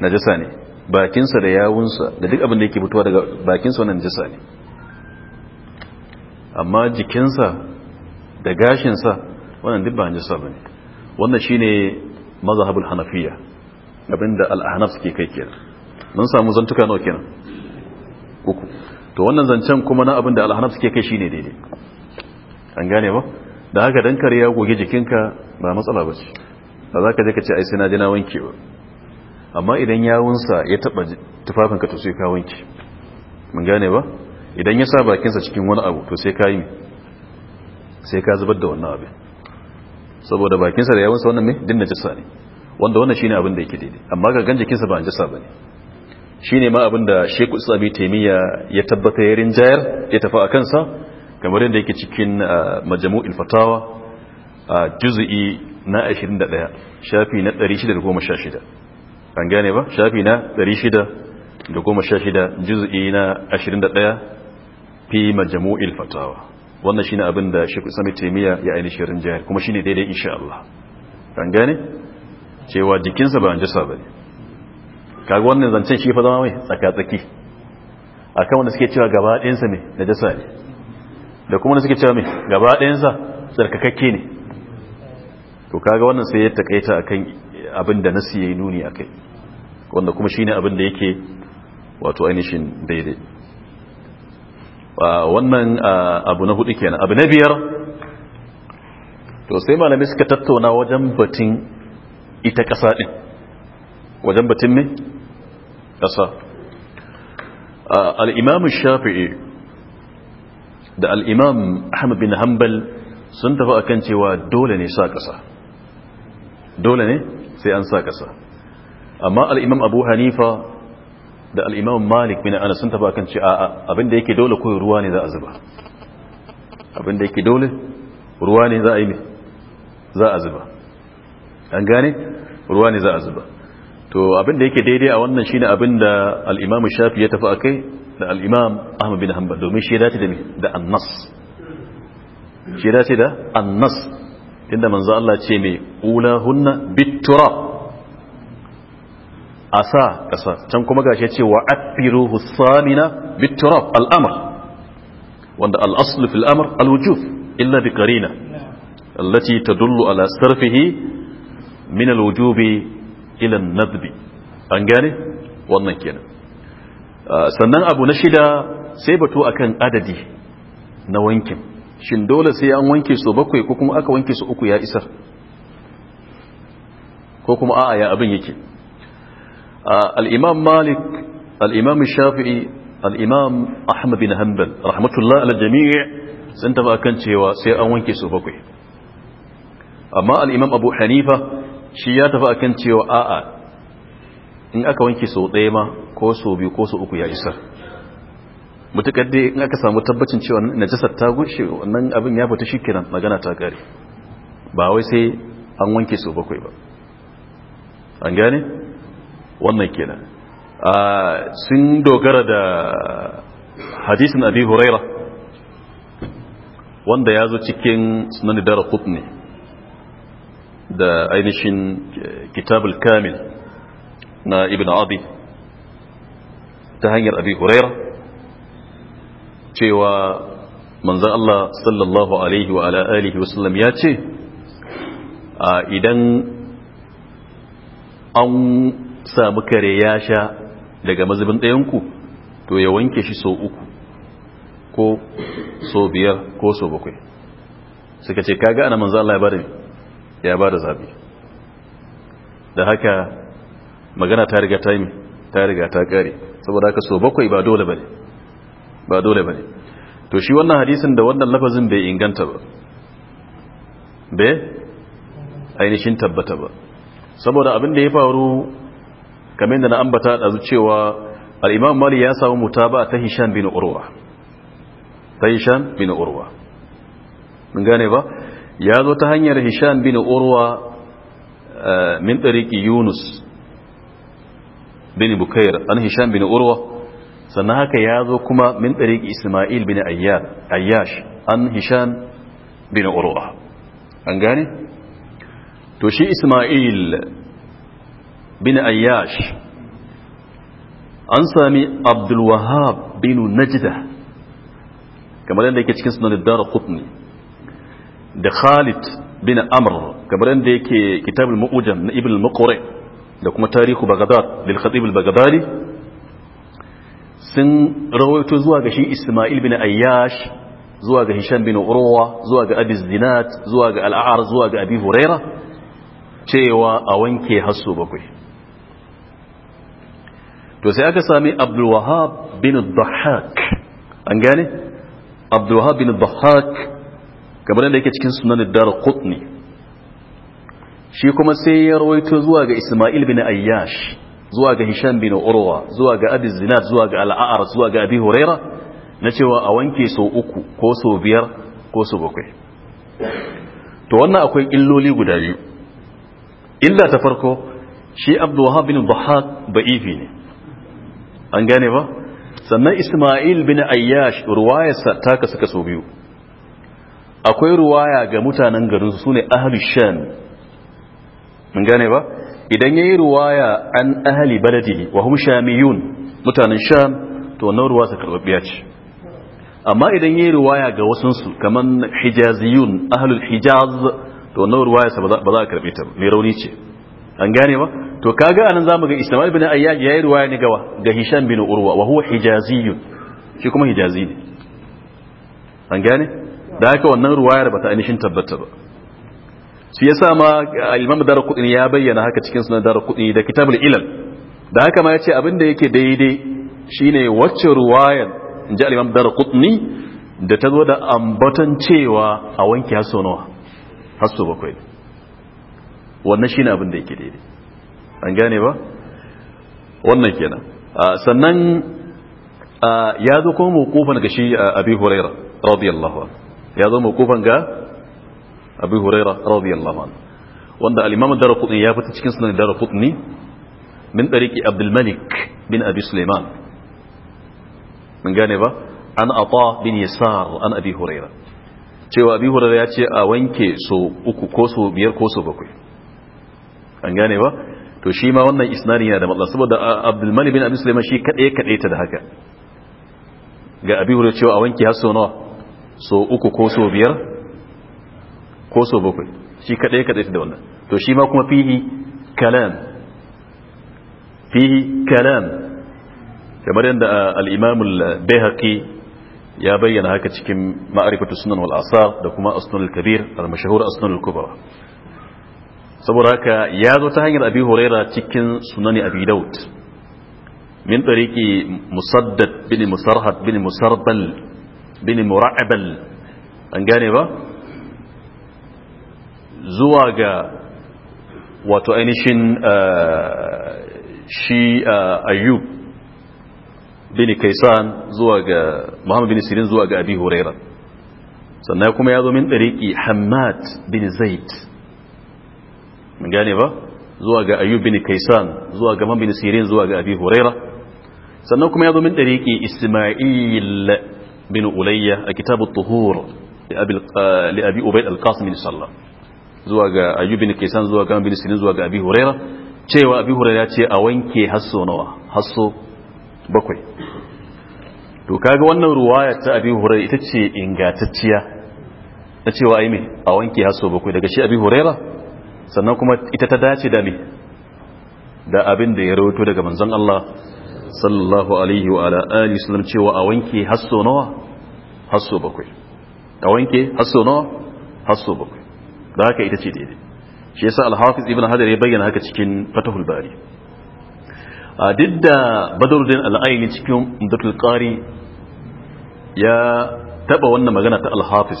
najasa ne bakinsa da yawunsa da duk abin da yake fitowa daga bakinsa wannan jisa ne amma jikinsa da gashinsa wannan duk ba jisa ba ne wannan shi ne mazhabul hanafiya abinda al'ahnaf suke kai kenan mun samu zantuka nawa kenan uku to wannan zancen kuma na abinda al'ahnaf suke kai shine daidai an gane ba da haka dan kare ya goge jikinka ba matsala ba ce ba za ka je ka ce ai sai na je na wanke ba amma idan yawunsa ya taba tufafinka to sai ka wanke mun gane ba idan ya sa bakinsa cikin wani abu to sai ka yi sai ka zubar da wannan abin saboda bakinsa da yawunsa wannan ne din najasa ne wanda wannan shine abin da yake daidai amma gangan kinsa ba najasa bane shine ma abin da Sheikh Usami Taymiya ya tabbata ya rinjayar ya tafi a kansa kamar yadda yake cikin uh, Majmu'ul Fatawa a uh, juz'i na 21 shafi na 616 an gane ba shafi na 616 juz'i na 21 fi majmu'il fatawa wannan shine abin da Sheikh Usman Taymiya ya ainihin jahil kuma shine daidai insha Allah an gane cewa jikinsa ba jisa bane kaga wannan zancen shi fa zama mai tsaka-tsaki akan wanda suke cewa gaba ɗayansa ne jasa ne da kuma wanda suke cewa mai gaba ɗayansa tsarkakakke ne to kaga wannan sai ya takaita akan abin da nasi ya yi nuni a kai wanda kuma shine abin da yake wato ainihin daidai wannan abu na hudu kenan abu na biyar to sai malamai suka tattauna wajen batin ita ƙasa ɗin wajen batin ne ƙasa al'imamu shafi'i da al'imam ahmad bin hanbal sun tafi akan cewa dole ne sa ƙasa dole ne sai an sa ƙasa amma al'imam abu hanifa da al'imam malik bin ana sun taba kan ce a'a abinda yake dole koyo ruwa ne za a zuba abinda yake dole ruwa ne za a yi mai za a zuba an gane ruwa ne za a zuba to abinda yake daidai a wannan shine abinda al'imam shafi ya tafi a kai da al'imam ahmad bin hanbal domin shi dace da me da annas dace da annas inda manzo Allah ce mai ulahunna bitura a sa ƙasa can kuma gashe ce wa afiru husamina bitura al'amar wanda al'aslu fil amr alwujuf illa bi karina allati tadullu ala sarfihi min alwujubi ila nadbi an gane wannan kenan ah, sannan abu na shida sai batu akan adadi na wankin shin dole sai an wanke su bakwai ko kuma aka wanke su uku ya isar ko kuma a'a ya abin yake al-imam malik al-imam shafi'i al ahmad bin hanbal rahmatullah ala jami' sun taba kan cewa sai an wanke su bakwai amma al abu hanifa shi ya tafi kan cewa a'a in aka wanke su ɗaya ma ko so biyu ko su uku ya isar mutukar dai in aka samu tabbacin cewa najasar ta gushe wannan abin ya fita shikenan magana ta kare ba wai sai an wanke su bakwai ba an gane wannan kenan sun dogara da hadisin abi huraira wanda ya zo cikin sunani dara kutne da ainihin eh, kitabul kamil na ibn abi ta hanyar abi huraira cewa manzan Allah sallallahu alaihi wa alihi wasallam ya ce idan an samu kare ya sha daga mazubin ɗayanku to ya wanke shi so uku ko so biyar ko so bakwai suka ce kaga ana manzan Allah ya ba da zabi da haka magana ta riga ta yi ta riga ta kare saboda haka sau bakwai ba dole ba ne ba dole ba ne to shi wannan hadisin da wannan lafazin bai inganta ba bai ainihin tabbata ba saboda abin da ya faru kamar da na ambata da cewa al'imam mali ya samu muta ba ta hishan bin urwa ta hishan bin urwa mun gane ba ya zo ta hanyar hishan bin urwa eh, min ɗariki yunus bin bukair an hishan bin urwa sannan haka ya zo kuma min ɗariƙi ismail bin ayyash an hishan bin uruwa an gane? to shi ismail bin ayyash an sami abdulwahab bin najida kamar yadda yake cikin sunan dara kutni da khalid bin amr kamar yadda yake kitabul ma'ujan na ibn al-muqri da kuma tarihu bagadar lil khatib al-bagadadi sun rawaito zuwa ga shi Ismail bin Ayyash zuwa ga Hisham bin Urwa zuwa ga Abi Zinat zuwa ga Al'ar zuwa ga Abi Huraira cewa a wanke hasso bakwai to sai aka sami Abdul Wahhab bin Dhahhak an gane Abdul Wahhab bin Dhahhak kamar da yake cikin sunan Darqutni shi kuma sai ya rawaito zuwa ga Ismail bin Ayyash zuwa ga hisham bin urwa zuwa ga abi zinad zuwa ga al'a'ar zuwa ga abi huraira na cewa a wanke so uku ko so biyar ko so bakwai to wannan akwai illoli guda biyu illa ta farko shi abdul wahab bin dhahhak ba'ifi ne an gane ba sannan isma'il bin ayyash ruwayarsa ta kasu kaso biyu akwai ruwaya ga mutanen garin su ne ahlus sham mun gane ba idan yayi ruwaya an ahli baladi wa hum shamiyun mutanen sham to wannan ruwa su karbabbiya ce amma idan yayi ruwaya ga wasansu kaman hijaziyun ahlul hijaz to wannan ruwaya sa ba za a karbe ta mai rauni ce an gane ba to kaga anan zamu ga Ismail bin ya yayi ruwaya ne gawa ga Hisham bin Urwa wa huwa hijaziyun shi kuma hijazi ne an gane da haka wannan ruwayar ba ta ainihin tabbata ba shi yasa ma imam darqutni ya bayyana haka cikin sunan darqutni da kitabul ilal da haka ma yace abin da yake daidai shine wacce ruwayan ji imam darqutni da ta zo da ambaton cewa a wanke haso nawa haso bakwai wannan shine abin da yake daidai an gane ba wannan kenan sannan ya zo kuma kofa ga shi abi hurairah radiyallahu anhu ya zo kofa ga abi huraira radiyallahu an wanda al-imam darqutni ya fita cikin sunan darqutni min tariqi abdul malik bin abi sulaiman mun gane ba an ata bin yasar an abi huraira cewa abi huraira ya ce a wanke so uku ko so biyar ko so bakwai an gane ba to shi ma wannan isnadin yana da matsala saboda abdul malik bin abi sulaiman shi kadai kadai ta da haka ga abi huraira cewa a wanke har so nawa so uku ko so biyar ko so bakwai shi kadai tsaye da wannan to shi ma kuma fihi kalam fihi kalam kamar yadda al-imam al-bayhaqi ya bayyana haka cikin ma'arifatu sunan wal asar da kuma asnul kabir al-mashhur asnul kubra saboda haka ya zo ta hanyar abi huraira cikin sunani abi daud min tariqi musaddad bin musarhat bin musarbal bin mura'bal an gane ba zuwa ga wato ainihin shi ayyub bin kaisan zuwa ga muhammad bin sirin zuwa ga abi huraira sannan kuma ya zo min ɗariƙi hamad bin zaid mun gane ba zuwa ga ayyub bin kaisan zuwa ga muhammad bin sirin zuwa ga abi huraira sannan kuma ya zo min ɗariƙi isma'il bin ulayya a kitabut tuhur li abi ubayd al-qasim bin sallallahu zuwa ga da ke san zuwa ga bin sirin zuwa ga abi huraira cewa abi huraira ya ce a wanke hasso nawa hasso bakwai to kaga wannan ruwaya ta abi huraira ita ce ingantacciya na cewa ai me a wanke hasso bakwai daga shi abi huraira sannan kuma ita ta dace da me da abin da ya rawaito daga manzon Allah sallallahu alaihi wa ala alihi sallam cewa a wanke hasso nawa hasso bakwai a wanke hasso nawa hasso bakwai da haka ita ce daidai shi yasa al-hafiz ibn hajar ya bayyana haka cikin fatahul bari a duk da badruddin al-aini cikin umdatul qari ya taba wannan magana ta al-hafiz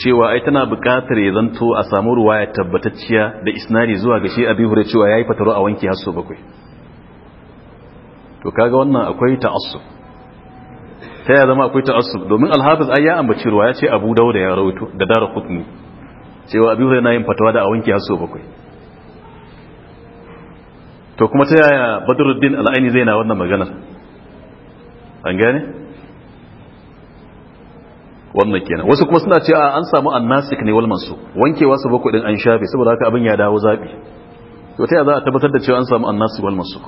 cewa ai tana buƙatar ya zanto a samu ruwaya tabbatacciya da isnari zuwa ga shi abi hurairah cewa yayi fataro a wanki hasso bakwai to kaga wannan akwai ta'assub ta ya zama akwai ta'assub domin Alhafis ai ya ambaci ruwa ya ce abu dauda ya rawaito da dara kutni cewa abu hurairah na yin fatawa da a wanke har so bakwai to kuma ta yaya badruddin al'aini zai na wannan magana an gane wannan kenan wasu kuma suna cewa an samu annasik ne wal su wankewa su bakwai din an shafe saboda haka abin ya dawo zabi to ta yaya za a tabbatar da cewa an samu annasik wal su.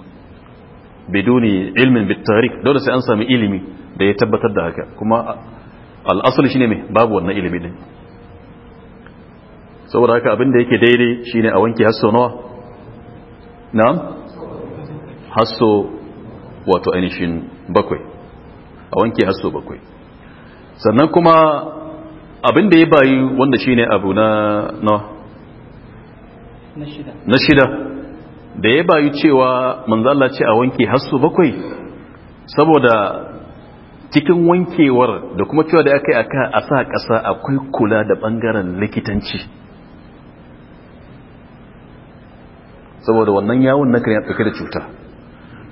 biduni ilmin bitarik dole sai an sami ilimi da ya tabbatar da haka kuma al'asali shine me babu wannan ilimi din saboda haka abin da yake daidai shine a wanke hasso nawa na'am hasso wato ainihin bakwai a wanke hasso bakwai sannan kuma abin da ya bayi wanda shine abu na nawa na shida da ya bayu cewa manzala ce a wanke hasso bakwai saboda cikin wankewar da kuma cewa da aka yi a sa ƙasa akwai kula da ɓangaren likitanci saboda wannan yawon na kan yadda da cuta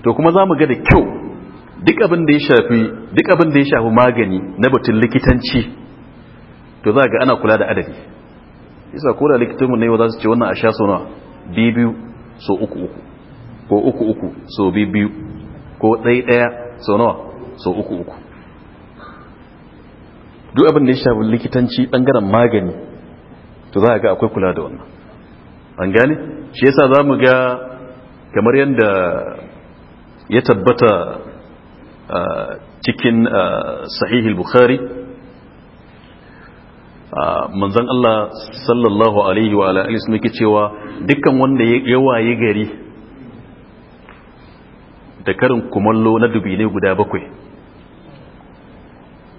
to kuma za mu ga da kyau duk abin da ya shafi duk abin da ya shafi magani na batun likitanci to za ga ana kula da adadi isa ko da likitanmu ne za su ce wannan a sha sau nawa biyu so uku uku ko uku uku so biyu ko ɗaya ɗaya so nawa so uku uku duk abin da ya shafi likitanci ɓangaren magani to za a ga akwai kula da wannan an gane shi yasa za mu ga kamar yadda ya tabbata cikin sahihul bukhari manzon Allah sallallahu alaihi wa alihi wasallam yake cewa dukkan wanda ya waye gari da karin kumallo na dubine guda bakwai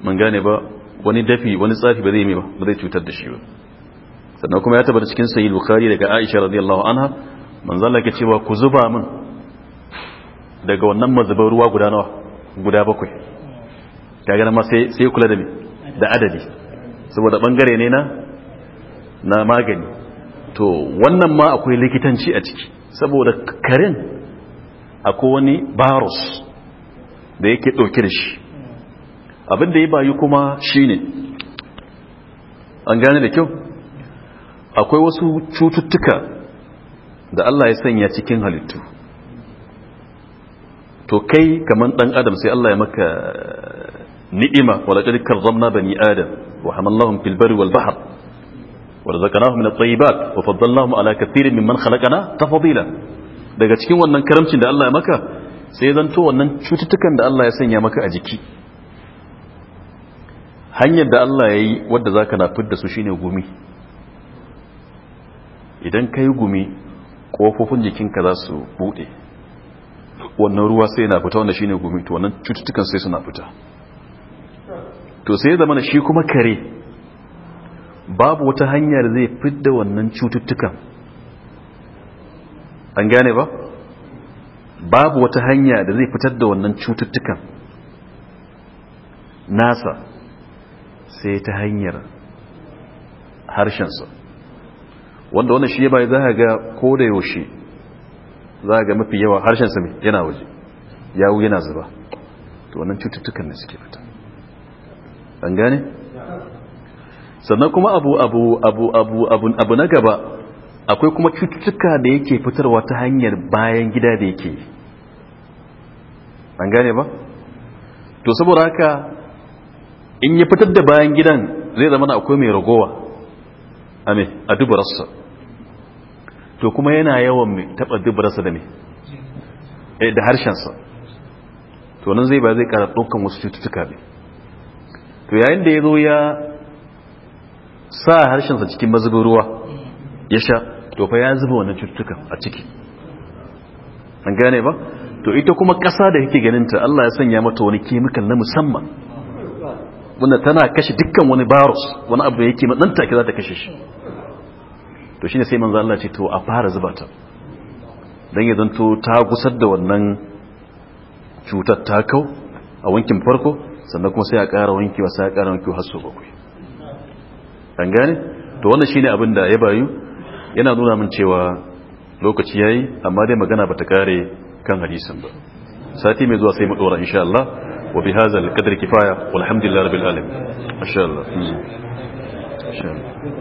mun gane ba wani dafi wani tsafi ba zai yi ba ba zai cutar da shi ba sannan kuma ya tabbata cikin sahih bukhari daga aisha radiyallahu anha manzo Allah ke cewa ku zuba min daga wannan mazubar ruwa guda nawa guda bakwai kaga nan ma sai sai kula da me da adadi saboda bangare ne na na magani to wannan ma akwai likitanci a ciki saboda karin akwai wani virus da yake dauke da shi abin da ya bayu kuma shine an gane da kyau akwai wasu cututtuka da Allah ya sanya cikin halittu to kai kamar dan adam sai Allah ya maka eh, ni'ima wala qad karramna bani adam wa hamallahum fil barri wal bahr wa razaqnahum min at-tayyibat wa faddalnahum ala kathirin mimman khalaqna tafadila. daga cikin wannan karamcin da Allah ya maka sai zanto wannan cututtukan da Allah ya sanya maka a jiki hanyar da Allah ya yi wadda zaka na fidda su shine gumi idan ka yi gumi ƙofofin jikinka za su buɗe wannan ruwa sai na fita wanda shi ne gumi to wannan cututtukan sai suna fita to sai zama na shi kuma kare babu wata hanyar zai fidda wannan cututtukan an gane ba babu wata hanya da zai fitar da wannan cututtukan nasa sai ta hanyar su. wanda wannan shi bai za ga ko da yaushe ga mafi yawa harshen sa yana waje yawo yana zuba to wannan cututtukan ne suke fita an gane sannan kuma abu abu abu abu abu abu na gaba akwai kuma cututtuka da yake fitarwa ta hanyar bayan gida da yake an gane ba to saboda haka in ya fitar da bayan gidan zai zama na akwai mai ragowa a dubararsa to kuma yana yawan taɓa dubarsa da ne eh, da harshensa to nan zai ba zai ƙara ɗaukan wasu cututtuka ne to yayin da ya zo ya sa harshensa cikin mazubin ruwa ya sha to fa ya zuba wannan cututtuka a ciki an gane ba to ita kuma ƙasa da yake ganinta Allah ya sanya mata wani kemikal na musamman wanda tana kashe dukkan wani barus wani abu da yake nan take za ta kashe shi to ne sai manzo Allah ce to a fara zuba ta dan ya zanto ta gusar da wannan cutar ta kau a wankin farko sannan kuma sai a ƙara wankewa sai a ƙara wankewa har sau bakwai an gane to wannan shine abin da ya bayu yana nuna min cewa lokaci yayi amma dai magana bata kare kan hadisin ba sati mai zuwa sai mu dora insha Allah wa bi hadha al-qadri kifaya walhamdulillahi rabbil alamin insha Allah hmm. insha Allah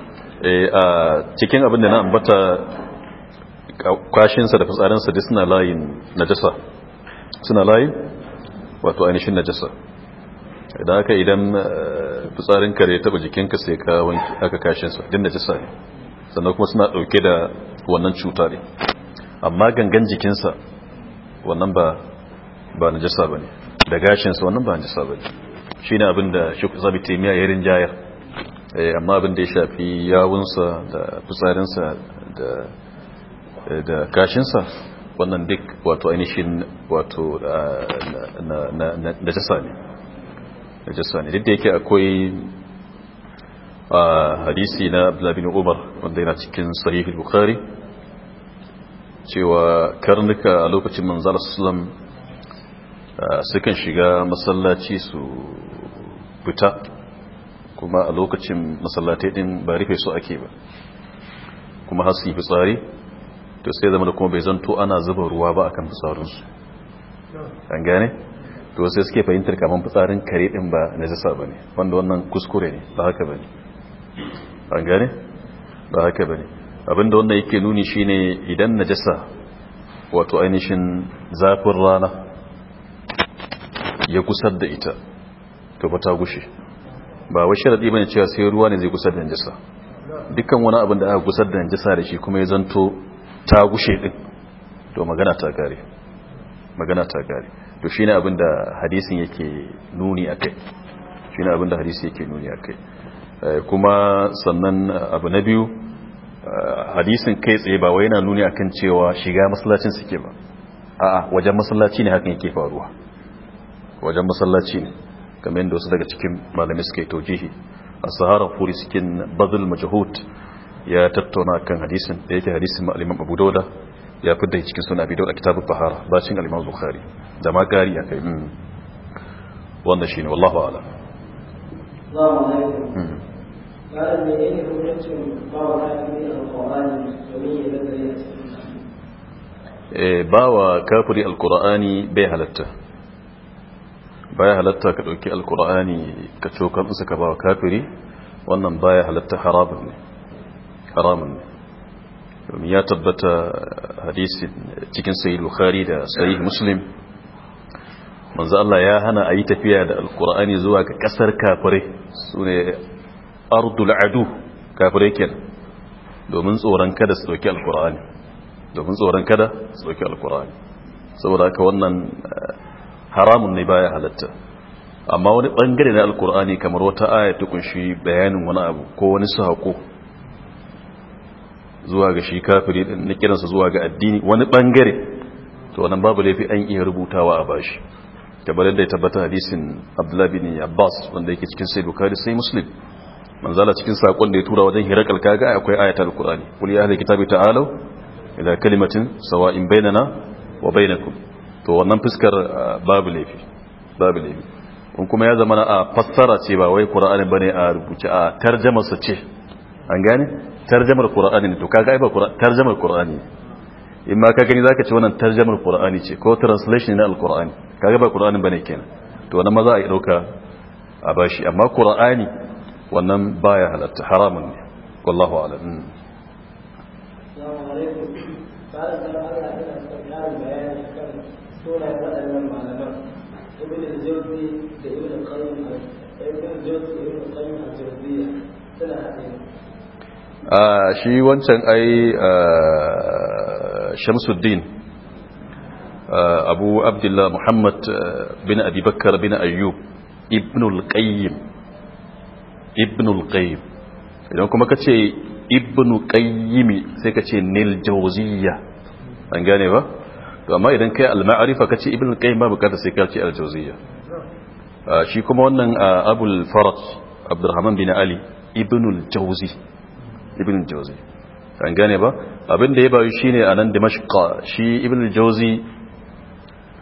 Eh, cikin abin da na ambata kwashinsa da fitsarinsa da suna layin najasa suna layin wato ainihin najasa eh, da aka idan fitsarin kare taba jikinka sai ka wanki aka kashinsa din najasa ne sannan kuma suna dauke da wannan cuta ne amma gangan jikinsa wannan ba ba najasa ne, da gashinsa wannan ba najasa Shi ne abin da shi zabi taymiya ya rinjayar Eh, amma abin da ya shafi yawunsa da fitsarinsa da eh, kashinsa wannan duk wato ainihin wato ah, na jasa ne da jasa ne duk da yake akwai ah, hadisi na abdullabin umar wanda yana cikin sahihul bukhari cewa karnuka a lokacin manzala sulam ah, sukan shiga masallaci su fita kuma a lokacin masallatai din ba rufe su ake ba kuma har su yi fitsari to sai zama da kuma bai zanto ana zuba ruwa ba akan fitsarinsu an gane to sai suke fahimtar kamar fitsarin kare din ba na ba ne wanda wannan kuskure ne ba haka ba ne an gane ba haka ba ne abinda wannan yake nuni shine idan najasa wato ainihin zafin rana ya kusar da ita to ba ta gushe ba wa sharadi bane cewa sai ruwa ne zai gusar da jisa dukkan wani abin da aka gusar da jisa da shi kuma ya zanto ta gushe din to magana ta kare magana ta kare to shine abin da hadisin yake nuni akai shine abin da hadisi yake nuni akai eh, kuma sannan abu na biyu eh, hadisin kai tsaye ba wai yana nuni akan cewa shiga masallacin suke ba a'a wajen masallaci ne hakan yake faruwa wajen masallaci ne kamar yadda wasu daga cikin malamai suka yi taujihi a saharar furi cikin bazil majahut ya tattauna kan hadisin da yake hadisin ma'aliman abu dauda ya fi da cikin suna bidon a kitabun bahara bashin aliman bukhari da ma gari a kai hmm. wannan shi ne wallahu ala ba hmm. bawa kafiri alkur'ani eh, bai halatta baya halatta ka dauki alqur'ani ka cokan su ka bawa kafiri wannan baya halatta haramun ne haramun ne domin ya tabbata hadisi cikin sahih bukhari da sahih muslim manzo Allah ya hana ayi tafiya da alqur'ani zuwa ga kasar kafire sune ardul adu kafire kenan domin tsoron kada su dauki alqur'ani domin tsoron kada su dauki alqur'ani saboda haka wannan haramun ne baya halatta amma wani bangare na alkur'ani kamar wata aya ta kunshi bayanin wani abu ko wani sako zuwa ga shi kafiri na kiransa zuwa ga addini wani bangare to wannan babu laifi an iya rubutawa a bashi kamar yadda ya tabbata hadisin abdullahi bin abbas wanda yake cikin sai bukari sai muslim manzala cikin sakon da ya tura wajen hirakal kaga akwai ayatul alkur'ani kul ya ahli kitabi ta'alu ila kalimatin sawa'in bainana wa bainakum to wannan fuskar ah, babu laifi babu laifi in kuma ya zama a ah, fassara ce ba wai qur'ani bane a rubuce a ah, tarjamarsa sa ce an gane tarjamar qur'ani ne to kaga ai tarjamar qur'ani in ma ka gani zaka ce wannan tarjamar qur'ani ce ko translation na alqur'ani kaga ba qur'ani bane kenan to wannan ma za a yi dauka a bashi amma qur'ani wannan baya halatta haramun ne wallahu a'lam hmm. assalamu alaikum shi wancan ai shamsuddin abu abdullah muhammad bin abubakar bin ayyub ibnul qayyim ibnul qayyim idan kuma ka ce ibnu qayyimi sai ka ce nil jawziya an gane ba to amma idan kai al-ma'rifa ka ce ibnul qayyim ba bukata sai ka ce al-jawziya shi kuma wannan abul faraj abdurrahman bin ali ibnul jawzi ibn al-jawzi an gane ba abin da ya bayu shi anan a dimashqa shi ibn al-jawzi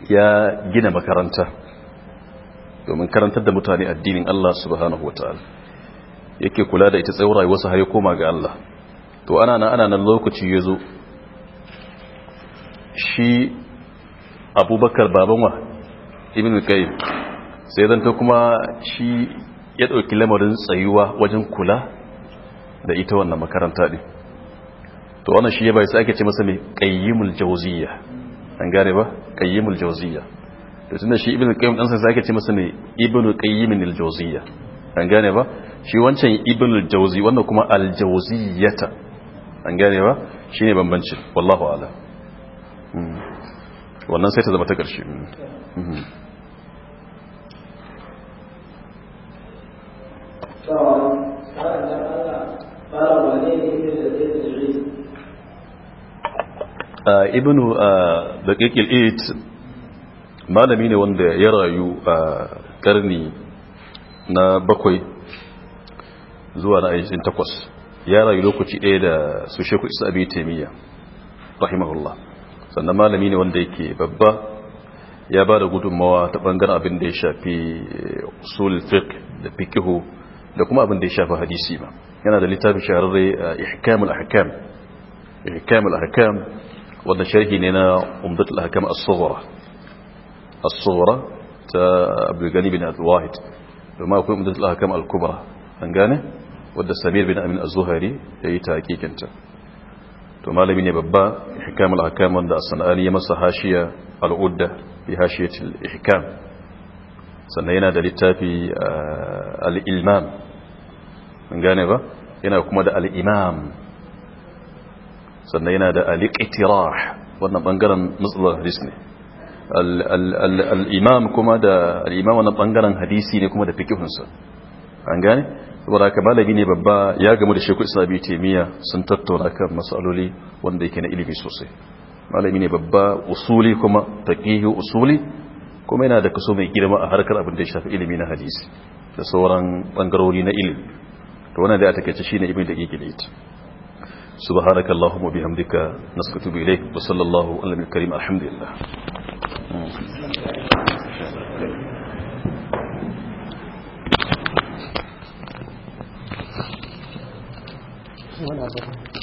ya gina makaranta domin karantar da mutane addinin Allah subhanahu wataala yake kula da ita tsawon rayuwarsa har ya koma ga Allah to ana nan ana nan lokaci ya zo shi abubakar babanwa ibn qayyim sai dan ta kuma shi ya ɗauki lamarin tsayuwa wajen kula da ita wannan makaranta din to wannan shi ya bai sai ake ce masa mai ƙayyimul jauziya an gane ba ƙayyimul jauziya da tunda shi ibnu qayyim dan sai ake ce masa mai ibnu qayyimul jauziya an gane ba shi wancan ibnu jawzi wannan kuma al jawziyyata an gane ba shine bambanci wallahu ala hmm. wannan sai ta zama ta ƙarshe hmm. Hmm. ibn ibnu malami ne wanda ya rayu a karni na bakwai zuwa na ainihin takwas ya rayu lokaci ɗaya da su sheku isa abi taimiyya rahimahullah sannan malami ne wanda yake babba ya ba da gudunmawa ta ɓangaren abin da ya shafi usul da fikihu da kuma abin da ya shafi hadisi ba هنا دلي تابي شهر آه، ري إحكام الأحكام إحكام الأحكام ودنا شريكي نينا أمدت الأحكام الصغرى الصغرى تا أبو غني بن الواحد وما يقول أمدت الأحكام الكبرى أنقاني ودى سمير بن أمين الزهري هي تاكيك انت وما لبين يببا إحكام الأحكام وندى السنآني يمس هاشية العدة في هاشية الإحكام سنينا دلي تابي آه، الإلمام mun gane ba yana kuma da al'imam sannan yana da al wannan bangaren matsalar hadisi ne Al'imam kuma da al'imam wannan bangaren hadisi ne kuma da fikihunsa an gane saboda haka malami ne babba ya gamu da shekul islami taimiyya sun tattauna kan matsaloli wanda yake na ilimi sosai malami ne babba usuli kuma faqihi usuli kuma yana da kaso mai girma a harkar abin da ya shafi ilimi na hadisi da sauran bangarori na ilimi to wannan da a takaice shine ibn da yake da ita subhanakallahumma allahumma bihamdika nasqutu bi ilayk wa sallallahu ala nabiyil karim alhamdulillah Bueno,